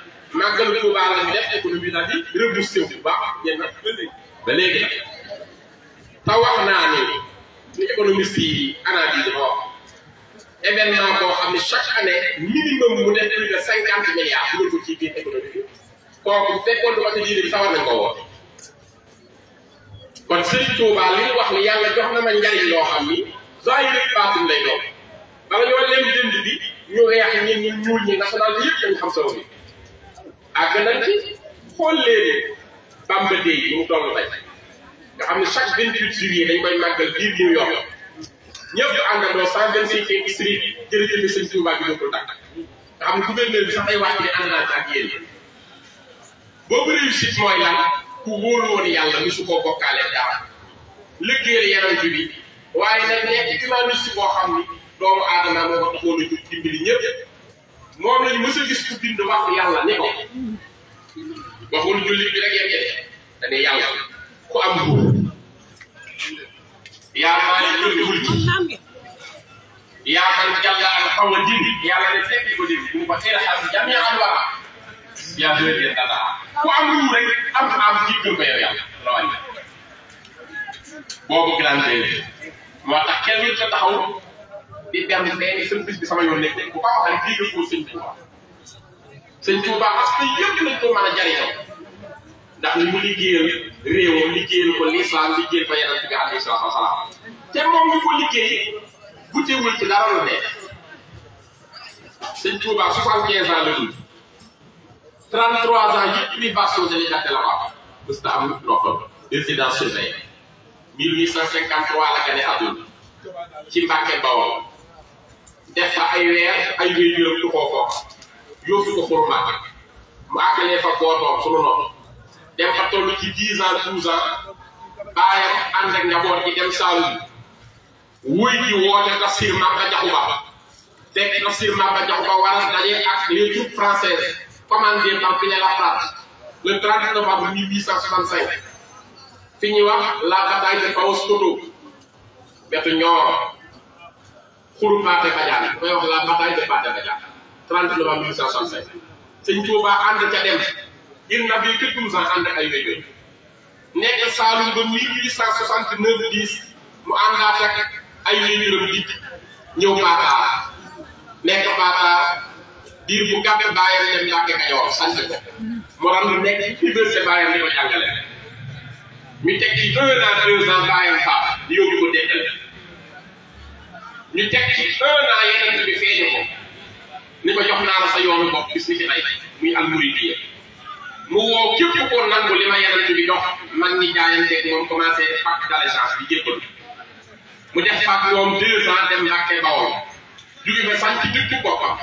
màggal bu baax la ñu def économie daal di reboosté baax yéen nag ba léegi nag te wax naa ni ni économiste yi analyse dafa wax événement boo xam ne chaque année minimum mu def plus de cinquante milliards dugal ko ci biir économie bi kooku fekkoon du ma ko jiite bi wax ni yàlla jox na ma njariñ loo xam ni zahir ak baatin lay doon bala ñoo leen jënd bi ñu weex ñi ñu ñuul ñi national bi yëpp dañ xam solo bi àgg nañ ci xool Bamba Day bi mu toll tey nga xam ne chaque vingt huit juillet dañ koy màggal biir New York ñëpp àndandoo cent vingt cinq district jërëjëf sëñ Touba bi bokkul tàkk nga xam ne gouverneur bi sax day wàcc ne ànd naa yéen boobu réussite mooy lan ku wóolu woon yàlla mi su ko bokkaale dara liggéeyal yaram ji bi waaye nag nekk humaniste boo xam ni doomu aadama moo ko taxoon a jóg dimbali ñëpp moom lañu mës a gis ku bind wax yàlla ne ko waxul julli bi rek yem yem dane yàlla ku am buur yaa maa ne loolu wul yaa man yàlla ak xaw a dindi yàlla ne fekk ko dindi bu mu ko teel a xam jam yaa am waa yaa bëri leen dara ku am buur rek am am ci gëm ko yow yàlla la wàññi boobu grand moo tax kenn nit ko taxaw di dem fee seen bis bi sama yoon nekk bu ko waxee rek lii ko sëñ Tuuba sëñ Tuuba parce que yëpp dinañ ko jariñoo ndax mu liggéeyal réewam liggéeyal ko lislaam liggéeyal ko yonent bi alayhi salaatu wa salaam te moom mi ko liggéey guddewul ci dara la nekk sëñ Tuuba soixante-quinze ans la dund trois ans yëpp mi bastion de l'égalité la wax mës na am loxo résidence surveillée mille huit cent cinquante-trois la gane àdduna ci Mbàkke Bawol def fa ay weer ay weer yu yëpp ko foofu yóbbu ko xurma mu àggalee fa gootoom sunu nopp dem fa toll ci 10 ans 12 ans bàyyam ànd ak njaboot gi dem Saalum wuy ji woote tafsir Mamba Diakhouba fekk Sir Mamba Diakhouba war a daje ak les troupes françaises commandées par Pinet-Laprade le 30 novembre 1865 fi ñuy wax la bataille de Paoskoto wetu Nioro Koulpate Badiane ku may wax la bataille de Pathé Badiane 30 novembre 1865 sëñ Touba ànd ca dem ngir nga fii que 12 ans ànd ay wéy nekk Saalum ba 1869 10 mu àndaat ak ay wéyuram di ñëw Paataar nekk Paataar diir bu gàtt bàyyam dem Mbàkke Kajoor sant ko mu rand nekk université bàyyam di ko jàngale mi teg ci un an deux ans bàyyam faat di yóbbu ko dekkal ñu teg ci un an yeneen bi feeñu ko ni ko jox naa la sa yoonu bopp bis ni ci tey muy al muridiyya mu woo képp ko nangu li ma yeneen bi dox man ñi jaayanteeg moom commencé pacte d'allégeance bi jébbal mu def pacte moom deux ans dem Mbàkke Bawol jóge ba sañ ci dëkk boppam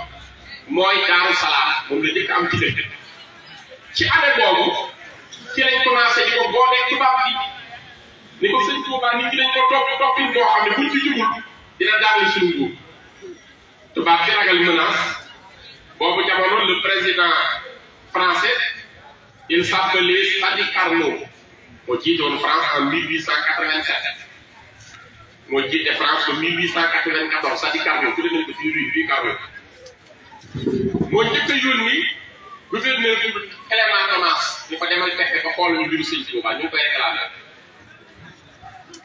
mooy Daaru Salaam moom la njëkk ci dëkk ci année boobu ci lañ commencé di ko booleeg tubaab bi ni ko sëñ Tuubaa nit ñi dañ ko topp toppin boo xam ne buñ ci jugul dina daaneel suñu nguur tubaab bi ragal menace boobu jamono le président français il s'appelait Sadi Carnot moo jiitoon France en moo jiite France ba 1894 Sadi Carnot tuddee nañ ko ci rue Carnot moo njëkk a yónni gouverneur bi Clément Thomas ñu ko demal fexe ba xool ñu mbiru sëñ bi bu baax ñu ngi koy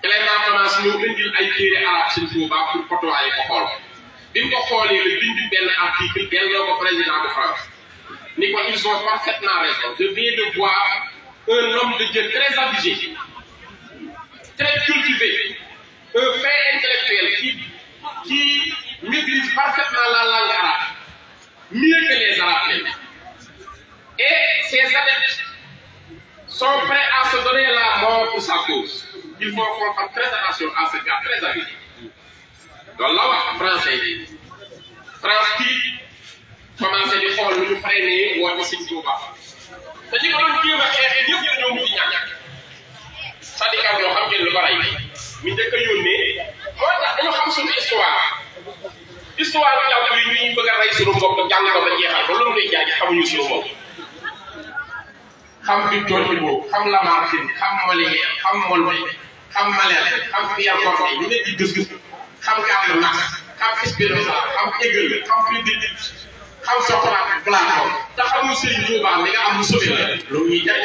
Clément Thomas ñëw indil ay téere arab sëñ Touba pour fotowaay ko xool bi mu ko le la du bel article nom ko président de France ni ils ont parfaitement raison je viens de voir un homme de Dieu très avisé très cultivé un fait intellectuel qui qui maîtrise parfaitement la langue arabe mieux que les arabes et ses adeptes sont prêts à se donner la mort pour e sa cause. Il faut qu'on fasse très attention à ce gars, très avis. Donc là, on français. France qui commence à dire qu'on nous freine ou on s'y trouve pas. C'est-à-dire qu'on dit a des gens qui ont dit c'est-à-dire y a dit le pareil. Mais dès que nous sommes, on a son histoire. Histoire bi ñu y a rey suñu bopp jàng ko ba jeexal ya ba loolu lay jaay xamuñu suñu bopp xam Victor Hugo xam Lamartine xam Molière xam Molière xam Malherbe xam Pierre-Corneille ñu nekk ci gis-gis xam Karl Marx xam Spinoza xam Hegel xam Friedrich xam Socrate Platon te xamul Serigne Touba mi nga am lu sauvé la loolu ñuy jaay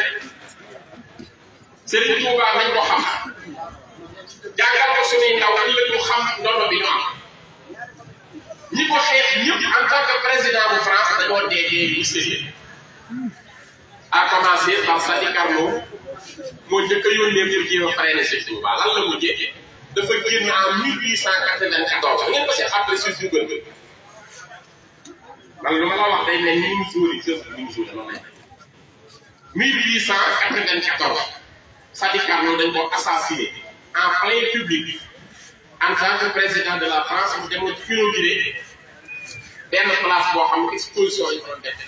Serigne Touba nañ ko xam jàngal ko suñuy ndaw ëllëg ñu xam ndono bi ñu am ñi ko xeex ñëpp en tant que président bu France dañoo dee dee bi a commencé par Sadi Carlo mo jëk a yónnee pour jéem frère ci Cheikh Touba lan la mujjee dafa génn en 1894 ngeen ko seet après Cheikh Touba man lu ma wax day mel ni mu jóori jëf ni mu 1894 Sadi dañ ko assassiné en plein public en tant que président de la France mu ci place xam exposition yi def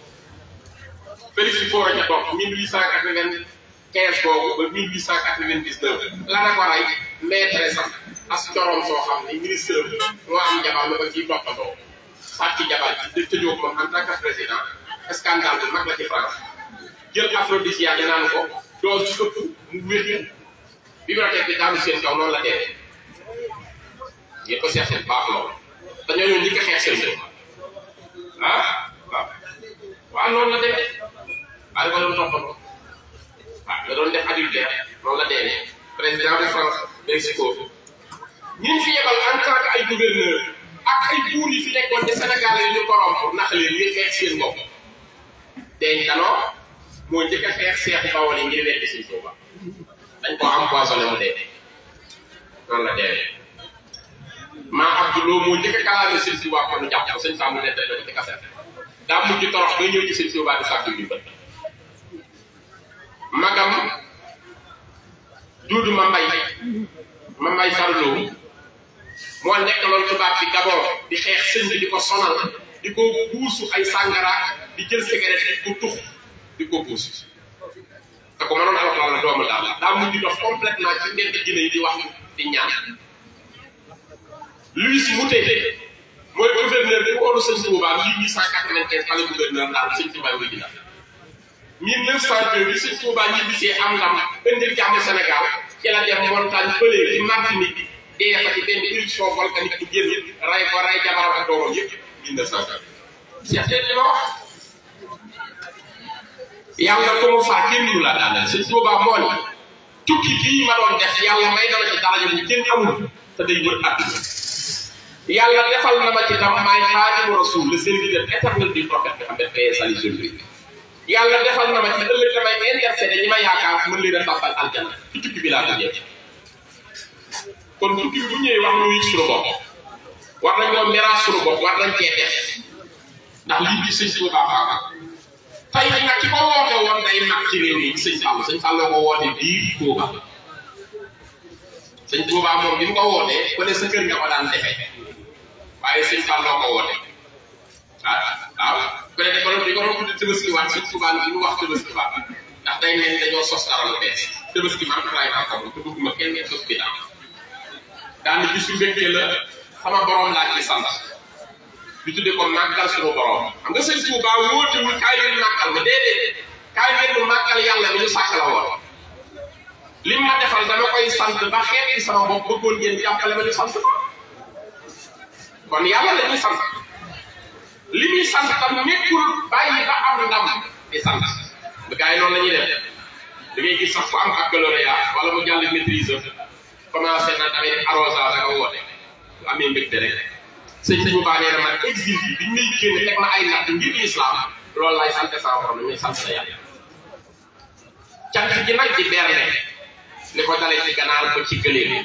Félix Faure ca topp 1895 boobu ba 1899 la na ko rey maîtresse am as coroom soo xam ni ministre moo am jabar la ko ciy toppatoo sàcc jabar ji def tëjoo moom en tant que président scandale bi mag la ci France jël aphrodisiaque naan ko doo ci ëpp mu wér bibliothèque bi daanu seen kaw noonu la deewee yéen ko seet baax lool dañoo ñëw njëkk a xeex ah waaw waaw la deewee ay wala mu ko ah nga doon def adultère la président de France Mexico ñun fi yebal en tant ay gouverneur ak ay buur yi fi nekkoon ci Sénégal yi ñu korom nax leen ñu xeex seen bopp denc kanoo moo njëkk a xeex seex ngir weddi suñ Touba dañ ko empoisonné mu dee noonu la deewee maa torox ñëw ci magam duudu ma mbay ma mbay farloo moo nekkaloon tubaab bi d'abord di xeex sëñ bi di ko sonal di ko buusu ay sàngara di jël cigarette di ko tux di ko buusu te ko mënoon alxuraan la doomu daal daa mujj dox ci ndend jinne yi di wax di ñaan Louis Mouté mooy gouverneur bi mu oolu sëñ Tuubaa 1895 fale gouverneur daal sëñ Tuubaa wéy ji daal 1902 bi sëñ Touba ñibbisee am lam indil jàmm Sénégal ci la dem montagne bële ci Martinique dee fa ci benn éruption volcanique bu génn ray ko ray jabaram ak doomam yëpp 1902 Cheikh Tène li ma wax yàlla ko mu faa kenn ñu la daanal sëñ Touba tukki bii ma doon def may ci dara ñu amul te day defal na ma ci rasul le serviteur éternel du prophète Mohammed yàlla defal na ma ci ëllëg damay université dañu ma yaakaar mën leen a tàbbal aljana ci tukki bi laa tëjee kon tukki bu ñëwee wax ñu suñu bopp war nañ ñoo meraat suñu bopp war nañ cee def ndax lii di sëñ Tuuba baax tey nag ki ko woote woon day mag ci réew mi sëñ Fallou sëñ ko woote biir Tuuba sëñ Tuuba moom bi mu ko wootee ku ne sa kër nga ko waaye sëñ Fallou ko woote ah, ah, waaw bu ne ko dañu ko doon tuddee tëbaskiwaat suñ tubaab bi ñu wax tëbaskiwaat ndax day ne dañoo sos dara lu bees tëbaski man Ibrahima laa ko woon te bëgguma kenn ngeen sos bi daal daanaka bisu mbégtee sama borom laa ci sant di tuddee ko màggal suñu borom xam nga sëñ Touba wóotewul kaay ngeen màggal ma déedéet kaay ngeen mu màggal yàlla mi ñu sàkk la woon li ma defal dama koy sant ba xeeti sama bopp bëggoon ngeen jàppale ma ñu ko kon yàlla la ñuy li muy sant tam nekkul bàyyi ba am ndam di sant ba gars yi noonu la ñuy def da ngay gis sax ku am baccalauréat wala mu jàll maîtrise commencé na tamit arrosage ak woote bu amee mbégte rek sëñ bi baa nee na man bi biñ may génn teg ay natt ngir islam loolu lay sant sama borom li sant la yàlla cant gi ci berne li ko ci ganaar ba ci gëlee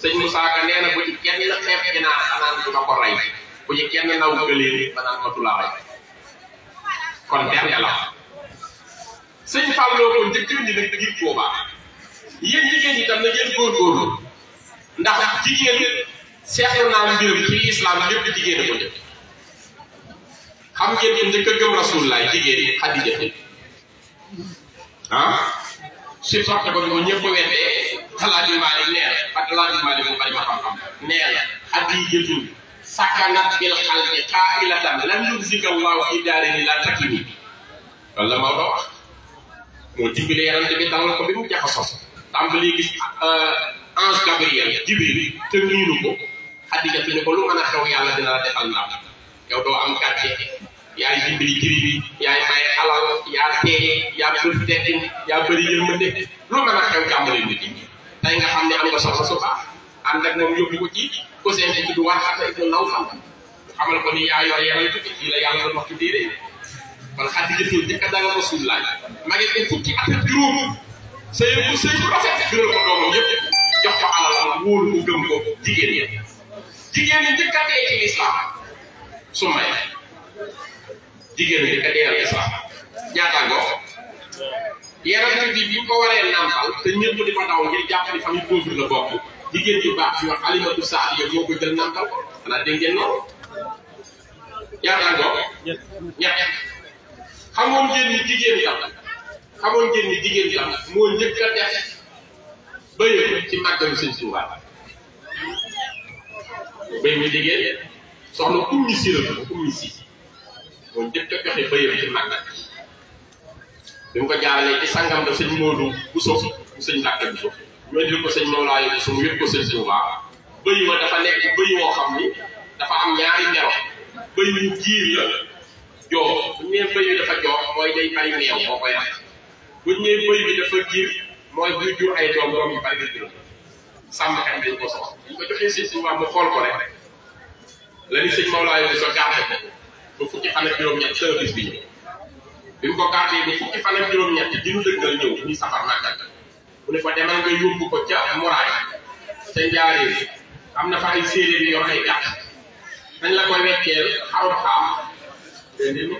sëñ Moussa Ka nee bu ci kenn xeeb ginaar ko bu ñu kenn naw gëlee ba naan matu laa kon benn la sëñ Fallou kon njëkk jigéen ñi tam na ngeen góorgóorlu ndax jigéen seetlu naa mbirum ci islam lépp jigéen a ko njëkk xam ngeen yéen njëkk a jigéen yi Xadija ah si soxna ko ñëpp weddee xalaat yu maali neer ak xalaat yu maali bari ma xam-xam neer Xadija sakanat bil xalqi qaailatan lan yumsika allahu fi daarini la takimi wax moo dimbali yarante bi dalal ko bi mu jaxasoo tàmbali gis euh, ange Gabriel Jibril te nuyu ko Xadija fi ne ko lu mën xew yàlla dina la defal ndam yow am gàcce yaay dimbali yaa bëri teddin yaa bëri lu mën a xew jàmbale nit ñi tey nga xam ne am nga soxla su baax Anda ak moom yóbbu ko ci Ousseynou dañ tudd waa xata ibnu Nawfal xamal ko ni yaa yor yaram tukki fii la yàlla doon wax ci diine bal xati jëfee njëkk a dal rasulullah ma ngi saya fukki at ak juróom sëy bu sëy bu rafet gëral ko doomam yëpp jox ko alalam wóolu ko gëm ko jigéen ñi jigéen ñi njëkk a dee ci Islam. su may jigéen ñi bi ko di ko daw ngir jigéen baax yi wax alimatu sax yow moo ko jël nàmpal ko xanaa dégg ngeen noonu ñaata ngoog ñett xamoon ngeen ni jigéen yàlla xamoon ngeen ni jigéen yàlla moo njëkk a def bëyam ci màggalu sëñ Tuubaa bëy mi jigéen soxna ummi si la ko ummi si moo njëkk a joxe bëyam ci màggal bi mu ko jaaralee ci sangam ba sëñ Moodu bu soog bu sëñ Mbàkke bu soog ñu indil ko sëñ Mawla yi suñu yëpp ko sëñ Touba bëy ma dafa nekk bëy woo xam ni dafa am ñaari melo bëy yu jiir la joo bu ñu bëy bi dafa joo mooy day bari meew boo koy rek bu ñu bëy bi dafa jiir mooy buy jur ay doom doom dañ ko soxla bu xool ko rek la ni sëñ Mawla soo gàddee ko ba fukki fan ak juróom-ñett service bi ñu ko gàddee ba fukki fan ak ñett di ñu dëggal ñëw ñu safar màggal mu ne ko demal nga yóbbu ko ca muraay ca njaareel am na fa ay séeréer yor ay gàtt nañ la koy wekkeel xarum xaam dégg nga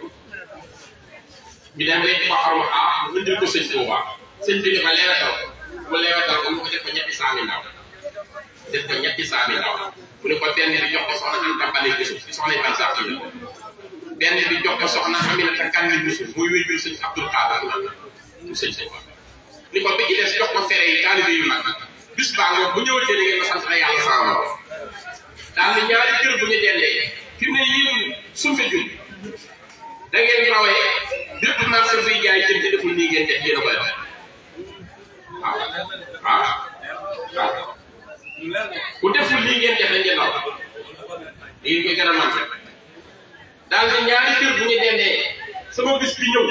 ñu dem rek ko xarum xaam mu indil ko sëñ Touba sëñ bi dafa leewatal mu leewatal ko mu ko def ko ñetti saa mi ndaw def ko ñetti saa mi ndaw mu ne ko benn bi jox ko soxna Anta Bale Yusuf soxna Anta Sarr bi benn bi jox ko soxna Aminata Kanni Yusuf muy wéjjul sëñ Abdul Qadir mu sëñ Touba. ni ko bi ci des jox fere yi taalibe yu mag bis baa nga bu ñëwatee da ngeen ma sant na yàlla sama borom daal ñaari kër bu ñu dendee fi mu ne yéen suufe ci deful nii ngeen def yéen a koy def waaw waaw waaw def a mën daal ñaari kër bu ñu dendee sama bis bi ñëw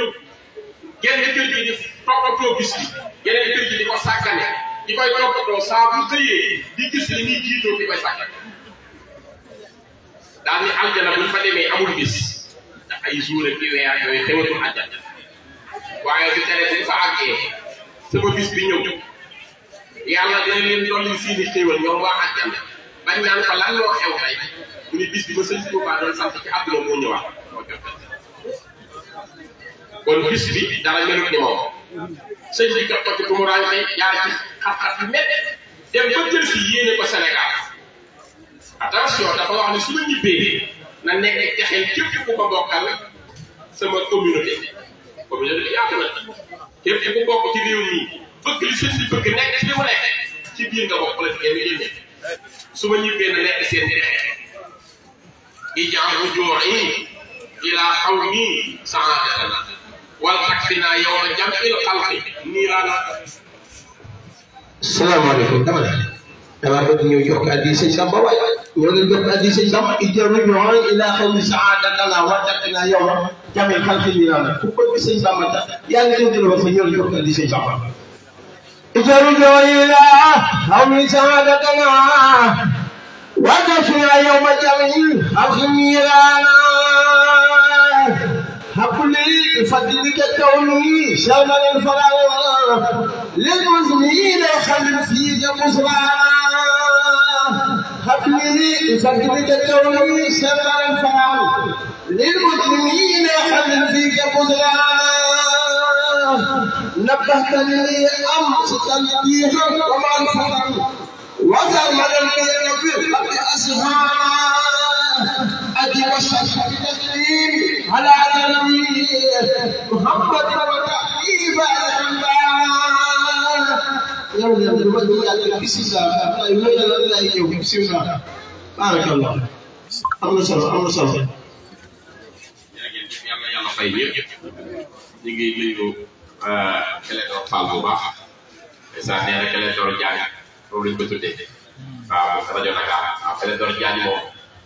genn kër bi di toog ak doo gis yeneen kër gi di ko sàggane di koy toppatoo saa bu xëyee di gis li muy jiitoo di koy sàggane daal ni aljana buñ fa demee amul bis ndax ay jour ak weer yooyu xewatul aljana waaye du tere dañ fa àggee sama bis bi ñëw yàlla dina leen dolli seeni xéewal ñoom waa aljana bañ naan ko lan loo xew ni bis bi ma sëñ Tuubaa doon sant ci àdduna moo ñëwaat kon bis bi dara melut ni moom sëñ bi jot ko ci tumuraanke jaar ci xat-xat yu métti dem ba jël si yéene ko Sénégal attention dafa wax ne su ma ñibbee na nekk jaxel képp ku ko bokkal sama communauté communauté biir nga i jaamu joor yi ilaa xaw nii wal takfinaa yawma jam'il xalqi niiraana. salaamaaleykum dama la damaa bëgg ñëw jox ko addi sëñ Samba waay ñoo leen jox ko addi sëñ Samba itam nag ñu wax ilaa xawmi saadatana wal takfinaa yawma jam'il xalqi niiraana ku bëgg sëñ Samba tax yaa ngi leen di wax fa ñëw jox ko addi sëñ Samba. اترجوا إلى أمر سعادتنا وكفنا يوم جميل أخميرانا فضلك التومي شمل الفراغ للمزنين خلف في مزرعة حكمه فضلك التومي شمل الفراغ للمجرمين خلف في مزرعة نبهتني أمس تلقيها وما تنبيها ومعرفة وزمن في حق اسهار والشفقة التسليم على نبي محمد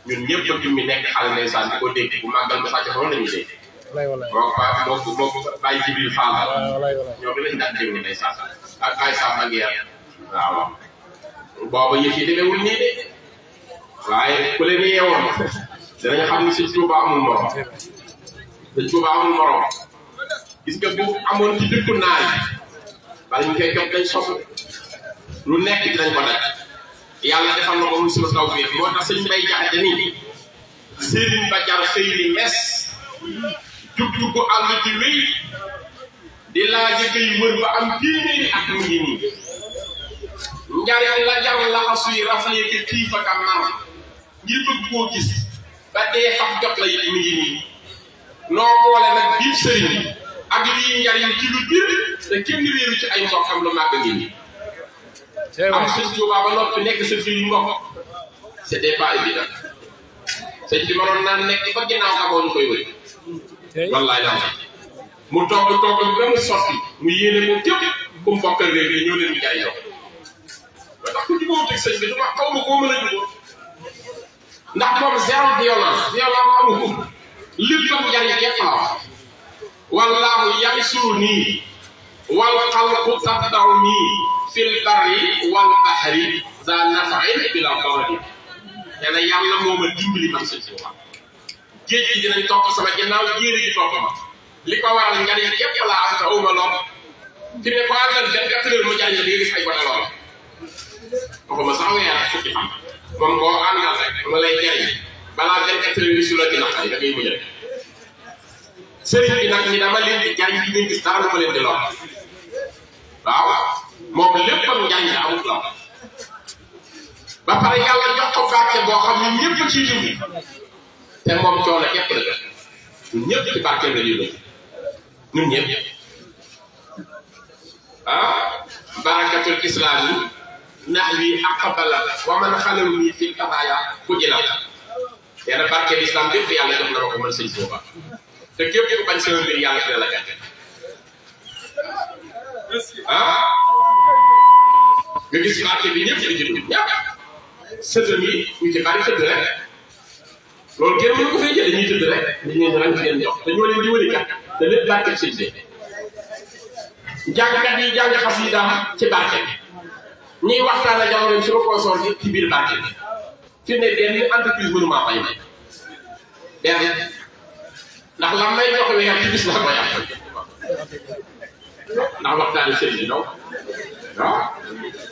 ñu ñëpp ba mi nekk xale ndeysaan di ko dégg bu màggal a sàcc noonu la ñuy dégg. moo ko moo ko moo ko bàyyi ci biir Fall. ñoom lañ daan dégg ndeysaan ak ay sàmm boobu yëf yi demewul nii de waaye ku leen yeewoon danañ xam ni sëñ Tuuba amul morom sëñ Tuuba amul morom gis nga bu amoon ci dëkku naar yi bala ñu koy jot dañ sopp lu nekk dinañ ko daj. yalla defal nako mu muy sunu taw bii tax sëñ bay jaxé dañi sëriñ ba jar xëy ni mes jubtu ko àll ci wéy di laaje kay wër ba am téeméeri ak mu ngi nii njariñ la jar laxasuy rafli ke tifa ka mar ngir bëgg ko gis ba dé xam jot la it mi ngi ni no boole nak bi sëriñ ak lii njariñ ci lu bir te kenn réeru ci ay xam lu màgg ngi nii am sëñ Tuubaa ba noppi nekk sa biir mbokk c'était pas évident sëñ bi mënoon naa nekk ba ginnaaw amoo ñu koy wëri wallaay la mu togg togg ba mu sotti mu yéene moom képp ku mu bokkal réew yi ñoo leen di jaay yow ba tax ku jubóoteeg sëñ bi du ma xaw ma koo mën a jubóo ndax moom zéro violence violence amu ko lépp am njariñ képp la wax nii fil barri wal bahri za nafain bila darari nee na yàlla moo ma dimbali man sëñ Tuuba géej gi dinañ topp sama ginnaaw jéeri gi topp ma li ko waral njariñ yépp laa am te ko àndal dem quatre heures mu nga gis ay gone lool ba ko ma sax weer ak lay jariñ balaa dem quatre heures su la dina xay da ngay mujj rek sëriñ bi nag ñi dama leen di jariñ di leen gis dara lu moom léppam njàng amul la ba pare yàlla jox ko barke boo xam ne ñëpp ci dugg te moom coono képp la ñun ñëpp ah, barakatul islam yi ndax lii aqbala wa man xalam nii fi tabaaya ku jëlaat la nee na barke yàlla jox ma ko man sëñ Tuuba te képp ku bañ sama mbir yàlla dina ah nga gis ci bi ñëpp ci dugg ñëpp sëtëm yi ñu ci bari tëdd rek loolu kenn mënu ko fay jëlee ñuy tëdd rek ñu ñëw ñu ci leen jox te ñoo leen di wëli daal ci barke bi ñuy waxtaan ak jamono su ma koo soor ci biir barke bi fi ne benn maa fay may benn ndax may jox weer ci bis la ko yàq ndax waxtaanee sëriñ bi donc ah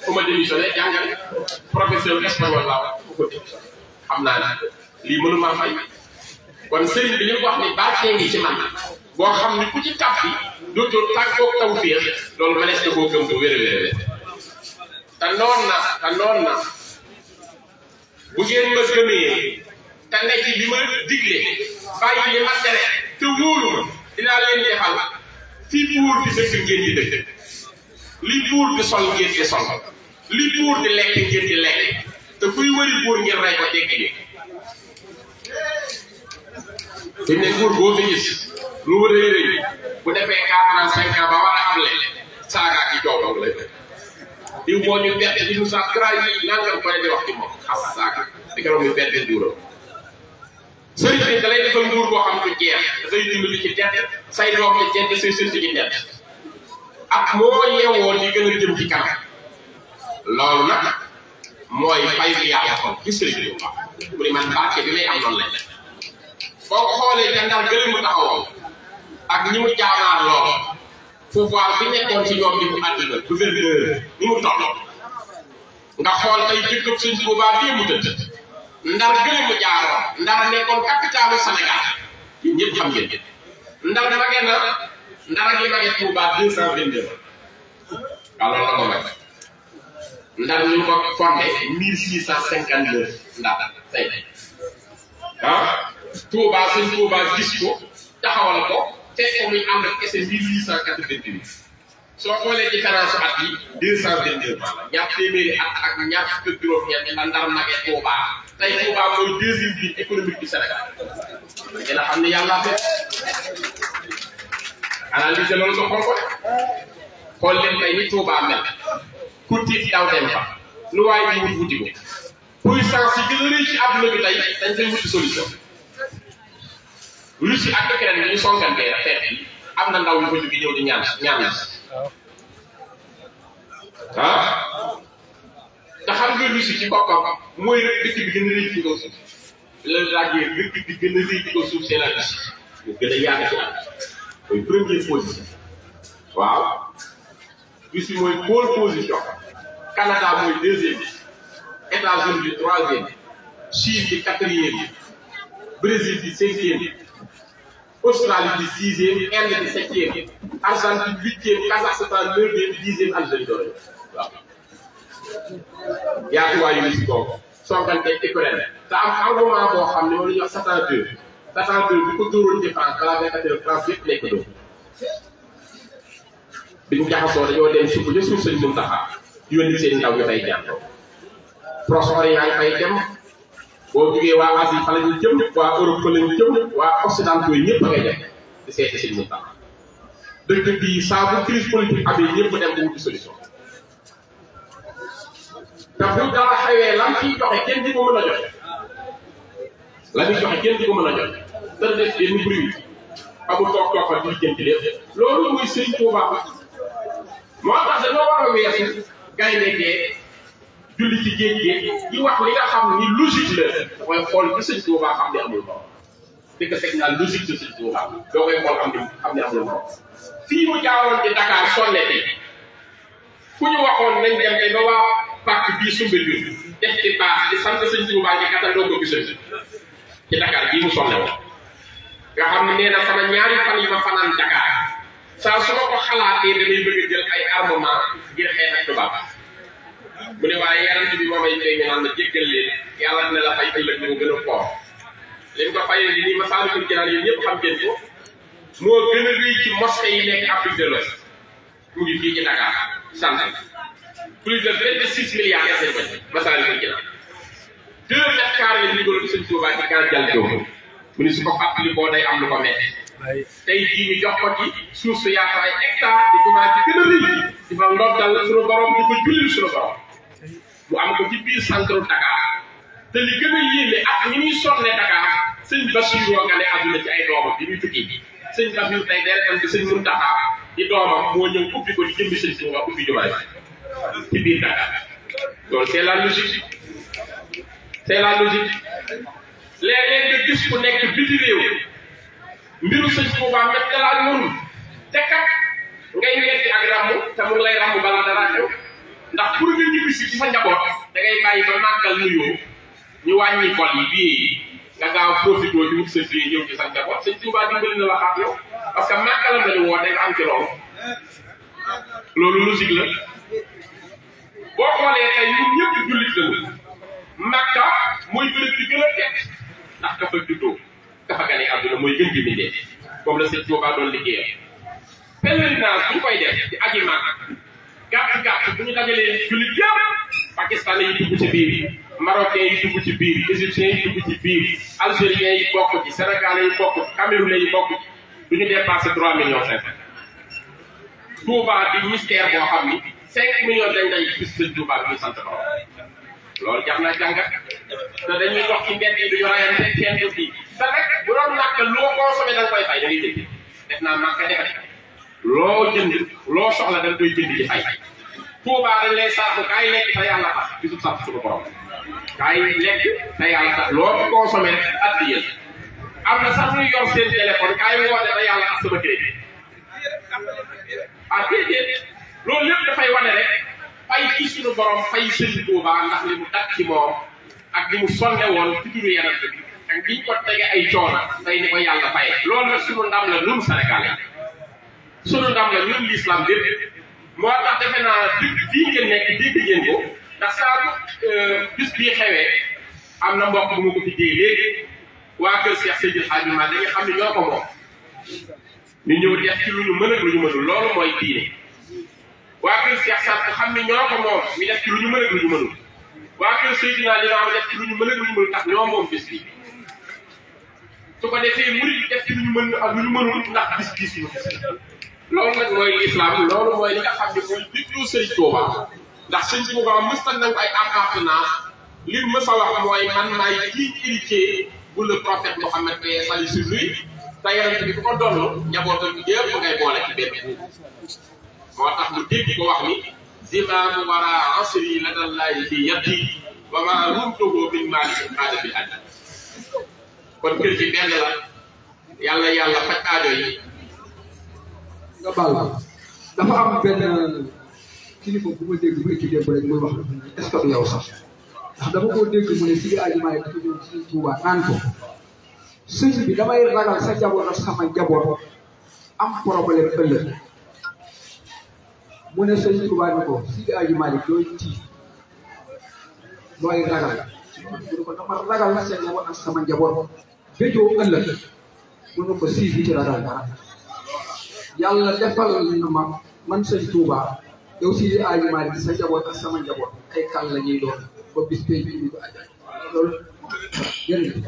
fu ma démissionné jàngale professeur espagnol laa fu ko démissionné xam lii mënuma fay kon sëriñ bi li xam ni ku ci tax bi dootul tàggoog taw loolu ma nekk boo gëm ko wér wér wér te noon na te noon na bu ngeen ma gëmee te nekk bi ma digle bàyyi li ma tere te wóolu dinaa leen defal fii li di dëkk ngeen di dëkk lii li wóor di sol ngeen di sol lii li wóor di lekk ngeen di lekk te kuy wëri góor ngeen rey ko dégg ngeen. ne góor boo fi gis lu wër a rëy bu defee quatre ans cinq ans ba war a am leen saaga lay def di moo ñu bett di ñu saa graay yi nangam ko di wax ci moom xaw saaga di ko doon ñu bett duuram. sëriñ da lay defal nguur boo xam ne jeex da lay dimbali ci tedd say doom ci tedd say a mooy fay bi yàlla ko ci sëriñ bi mu ne man barke bi may am ak ñi mu jaamaar lool pouvoir bi nekkoon ci mu àddina nga xool tey jëkkëb sëñ Tuubaa bii mu tëdd ndar gële mu jaaroo ndar nekkon capitalu sénégal ci ñepp xam ngeen ndar mage na ndar ak li mage touba deux cent vingt deux alors la ko wax ndar ñu ko fondé mille six cent cinquante deux ndar tey ah touba suñ touba gis ko taxawal ko fekk muy and ak kese mille so ko quatre vingt huit soo xoolee différence at yi deux cent vingt ñaar téeméeri at ak ñaar fukk juróom ñeent la ndar nage touba tey Touba mooy deuxième ville économique du Sénégal dina xam ne yàlla fekk analyser loolu nga xool ko xool leen tey ni Touba ku tiit daw dem fa lu waaye di wut wuti ko puissance yi gën a rëy ci àdduna bi tey dañ koy wuti solution Russie ak Ukraine bi ñu songantee rek xeet bi am na ndaw yu fa jóge ñëw di ñaan ñaan ah Je xam nga ci bi position waaw position Canada deuxième États-Unis bi troisième Chine bi quatrième Brésil bi cinquième Australie bi sixième Inde bi septième Argentine huitième Kazakhstan neuvième dixième Algérie waaw yaatuwaay yu ñu si bokk sonkanteeg Ukraine te am engouement boo xam ne moom la ñuy wax satan deux satan deux bi ko dóoroon ci France balaa nekkatel France yëpp nekk doo bi jaxasoo dañoo dem sukk ña suuf sañ mun taxa seen ndaw ñu fay jàntoo Proche-Orient fay dem boo jugee waa Asie fa la ñu jëm waa Europe fa la jëm waa Occidentaux yi ñëpp a ngay dem di seeti seen mun taxa dëkk bii saa bu crise politique amee ñëpp dem di wuti solution te bu dara xewee lan kenn di ko mën a la ñuy joxe kenn di ko mën a joxe te def benn bruit amul toog fa di jënd lépp loolu muy sëñ Touba moo tax dañoo war a weesu gaynde gee julli ci géej géej wax li nga xam ni logique la mooy xool bi sëñ Touba xam ni xam ne fii mu jaaroon ci Dakar sonne bi fu ñu waxoon nañ dem tey ba waa pak bii sumbe bi def ci baax di sant sëñ Touba ci gàttal doo ko gisal ci Dakar bii mu sonne woon nga xam ne sama ñaari fan yi ma fanaan Dakar saa su ma ko xalaatee damay bëgg jël ay armement ngir xeex ak tubaab mu ne waaye yarante bi moomay fee ñu naan ma jéggal leen yàlla la fay ko ma xam ko ci mosquée yi Afrique de l'Ouest ngi ci Dakar plus de vingt six milliards yaa ngi koy masalan bi jëlaat deux hectares yi ñu doon sëñ Touba ci kan jal joo mu ne su ko fàttali koo day am lu ko metti tey jii ñu jox ko ci suuf su yaakaar ay hectares di jumaa ci gën a rëy di fa ndoddal suñu borom di ko jullil suñu borom mu am ko ci biir centre Dakar te li gën a yéeme ak ñi muy sonne Dakar sëñ Bassirou woo nga ne àdduna ci ay doomam bi muy tukki sëñ Bassirou tey day dem bi sëñ Mountakha di doomam moo ñëw ubbi ko di jëmbi sëñ Touba ubbi jumaa ci biir Dakar loolu c'est la logique c'est la logique léeg-léeg nga gis ku nekk biti réew mbiru sëñ Tuubaa met nga te kat ngay weddi ak ràmmu te mu lay ràmmu balaa dara xew ndax pour nga ñibbisi ci sa njaboot da bàyyi ba màggal nuyoo ñu wàññi vol yi bii nga gaaw profité ci wut sa biir ñëw ci sa njaboot sëñ Tuubaa dimbali na la xaat yow parce que màggalam la ñu woote nga am ci loolu loolu logique la. boo xoolee tey ñun ñëpp jullit la woon makka mooy bërëb bi gën a teg ndax dafa juddoo dafa gane àdduna mooy gën gi mi dee comme la sëñ Tuubaa doon liggéeyam pèlerinage bu koy def ci aji màkk gàtt gàtt bu ñu dajalee jullit yëpp pakistan yi dugg ci biir marocain yi dugg ci biir égyptien yi dugg ci biir algérien yi bokk ci sénégalais yi bokk camerounais yi bokk ci du ñu dépassé millions cinq Touba di mystère boo xam cinq millions lañ dañ gis sëñ Touba bi ñu sant borom loolu na jàngat te dañuy wax ci mbedd yi duñu rayante seen dëkk yi te nag bu doon màkk loo consommé da nga koy fay da ngay jënd def naa màkk defati loo jënd loo soxla da nga koy jënd ci fay Touba dañ lay saaku kaay lekk te yàlla tax bisu sant suñu borom kaay lekk te yàlla tax loo ci consommé at bi am na sax ñuy yor seen téléphone kaay woote te yàlla tax sama crédit ah déedéet loolu lépp dafay wane rek fay ci suñu borom fay sëñ Tuubaa ndax li mu daj ci moom ak li mu sonne woon ci turu yaram bi ak liñ ko tege ay coono day yàlla fay loolu nag suñu ndam la ñun Sénégalais naa di fii ngeen nekk dégg ngeen ko ndax saa euh, bis bii xewee am na mbokk bu ma ko fi dee léegi waa kër Cheikh Seydil Hadji Malick xam ne ñoo ko moom ñu ñëw def ci lu ñu mën ak lu ñu mënul loolu mooy diine waa kër Cheikh Saad xam ne ñoo ko moom ñu def ci lu ñu lu ñu mënul waa kër Seydina li nga xam ne def ci lu ñu mën ak lu ñu mënul tax ñoo moom bis bi su ko defee murid def ci lu ñu mënul ndax bis bii suñu gis loolu nag mooy li nga xam ne mooy diglu Sëriñ Tuuba ndax Sëriñ Tuuba mës na nangu ay appartenance li mës a wax mooy man maay kii héritier bu le prophète Mohammed paix et salut sur lui te yonent bi bu ko doon njabootam yëpp ngay boole ci benn moo tax mu dégg ko wax ni zimaamu wara asri la dallahi fi yatti wa wara rumtuhu min maali aada bi kon kër gi benn la yàlla faj aajo nga baal dafa am benn kilifa bu ma dégg bu ci démb wax est-ce que sax dama koo dégg mu ne si aju maay dafa ñëw ci Tuuba naan ko bi damay ragal sa am problème ëllëg mu ne sëñ Tuubaa ni ko Sidi Aji Malik looy tiit looy ragal mu ne ko dama ragal seen njaboot ak sama njaboot béjoo ëllëg mu ne ko Sidi ci ragal dara yàlla defal na man sëñ Tuubaa yow Sidi Aji Malik sa njaboot ak sama njaboot ay kal la doon ba bis bi ñu ko ajal loolu jërëjëf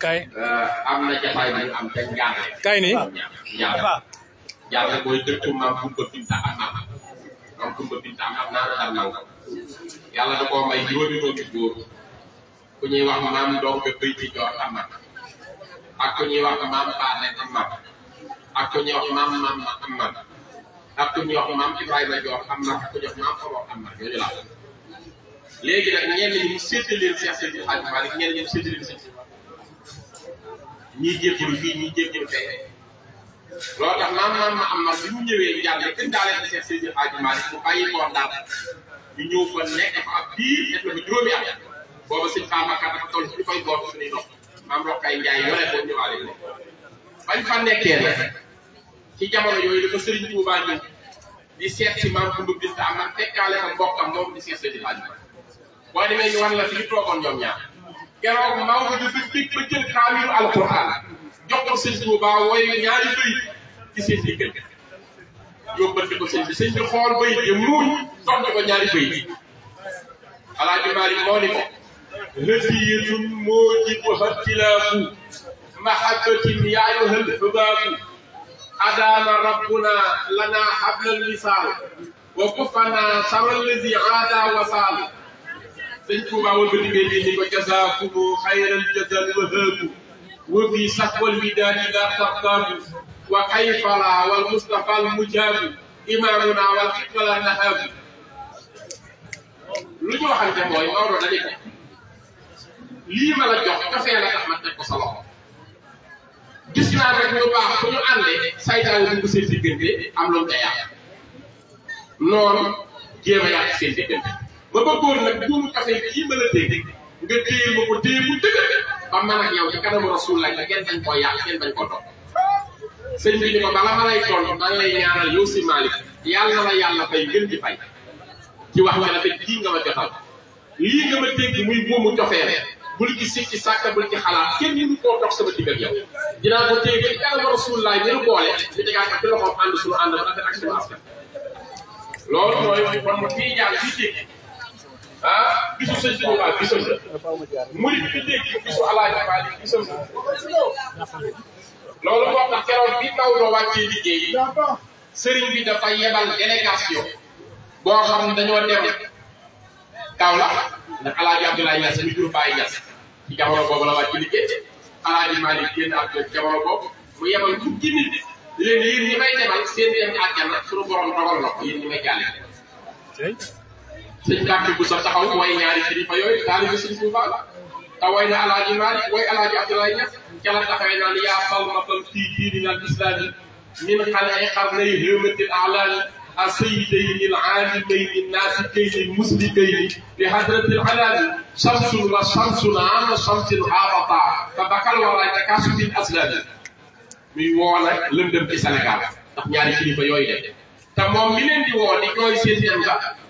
kay am na jafaay bu am te njàng kay ni yàlla mooy dëttu maam kumba binta ak maam maam kumba binta am am naa am nangu yàlla da koo may juróomi doomi góor ku ñuy wax maam ndong nga bëy ci joor am ak ku ñuy wax maam paane am ak ku ñuy wax maam maam am ak ku ñuy wax maam ibrahima joor am ak ku ñuy wax am ñii jébbalu fii ñii jébbalu fee loolu tax maam maam ma am na bi mu ñëwee yàlla gën daal di seet seen Aji Maalik mu bàyyi ko Ndar ñu ñëw fa nekk dafa ab biir def na fa juróomi dafa toll ci koy góor suñuy ndox maam Rokhaya Ndiaye yore nag ci jamono yooyu dafa Serigne Touba ñëw di seet si maam Koundou Binta am na fekkaale boo demee ñu wan la fi ñu toogoon ñoom ñaar. keroog Maodo dafa tëj ba jël kaamilu alquran jox ko sëñ Touba wooye ñaari bëy ci seen diggante yóbbal ko sëñ bi sëñ bi xool bëy yi muuñ tontu ko ñaari bëy yi alaaji Maalik moo ni ko hadiyatun moo jibu hattilaafu mahabbatin yaayuhal hubaabu adaama rabbuna lana habla lisaal wa kufana saral lazi aada wasaal sëñ Tuubaa wal ba liggéey bi ni ko jazaakumu xayral jazaa wahaabu wa fi saqwal widaadi laa tartaabu wa kayfalaa wal mustafal mujaabu imaamuna wal xitmalaa nahaabu lu ñu waxante mooy Maodo dañu ko lii ma la jox dafee la tax ma teg ko gis naa rek lu baax fu ñu àndee saytaane dugg seen diggante am lu mu yàq noonu jéem a yàq seen diggante ba bëggoon nag duumu kafe yi ma la dégg nga téye ma ko téye ba man ak yow na la yàlla fay gën di fay ci wax nga rafet kii nga ma ak loxoom ànd suñu ànd ba rafet ak suñu askan loolu mooy kon fii jaar fii dégg ah bisu sëñ bi ñu naan gisal murid bi dégg bisu alaaji Maalik gisal loolu moo tax keroog bi taw ba wàccee liggéey sëriñ bi dafa yebal délégation boo xam ne dañoo dem Kaolack ndax alaaji Abdoulaye Niass mi jur Baye Niass ci jamono boobu la wàccee liggéey alaaji Maalik génn ak jamono boobu mu yebal fukki nit léegi yéen ñi may demal seen dem àjjana suñu borom dogal na ko yéen ñi may jàllee. suñ gàtt bu sa taxaw way ñaari kilifa yooyu taalibi suñ Tuubaa la te way na alaaji Maalik way alaaji Abdoulaye Ñas ca la taxawee naan yaa salmatal fii diinina al islaami min xale ay xarnay hëmatil alaani a sayidayni al aalimeyni naasikayni muslimeyni li hadratil alaani samsun la samsuna ana samsin haabata te bakal waraay te kaasutin aslaami muy woo nag lëndëm ci Sénégal ndax ñaari kilifa yooyu de te moom mi leen di woo di jooy seen yem ba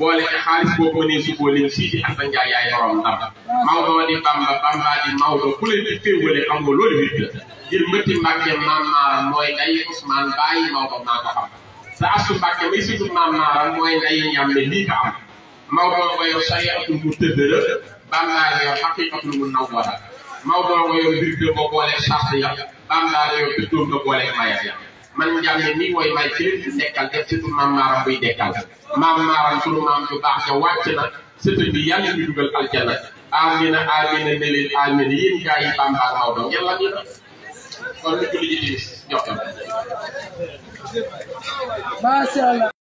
boole ci xaalis boo ko nee su ko leen sii di Assane Ndiaye yaay borom ndam Maodo di Bamba Bamba di Maodo ku leen di féewale xam nga loolu wit la ngir mëtti Mbàkke maam maaram mooy nday Ousmane bàyyi Maodo maa ko xam sa asu Mbàkke may sutu maam maaram mooy nday ñàmme lii ko am Maodo nga yor sariyatul mu tëddëra Bamba nga yor xaqiqatul mu nawwara Maodo nga yor mbir de boo boole sart ya Bamba nga yor dëddoom nga boole maya ya man njàng mi mooy may ci leen fi dekkal ci sunu maaram buy dekkal maam maaram sunu maam ju baax ja wàcc na sëtë bi yàlla ñu dugal aljana amina amina ne leen amina yéen gaa yi bàmbaal Maodo ngeen la ñu kon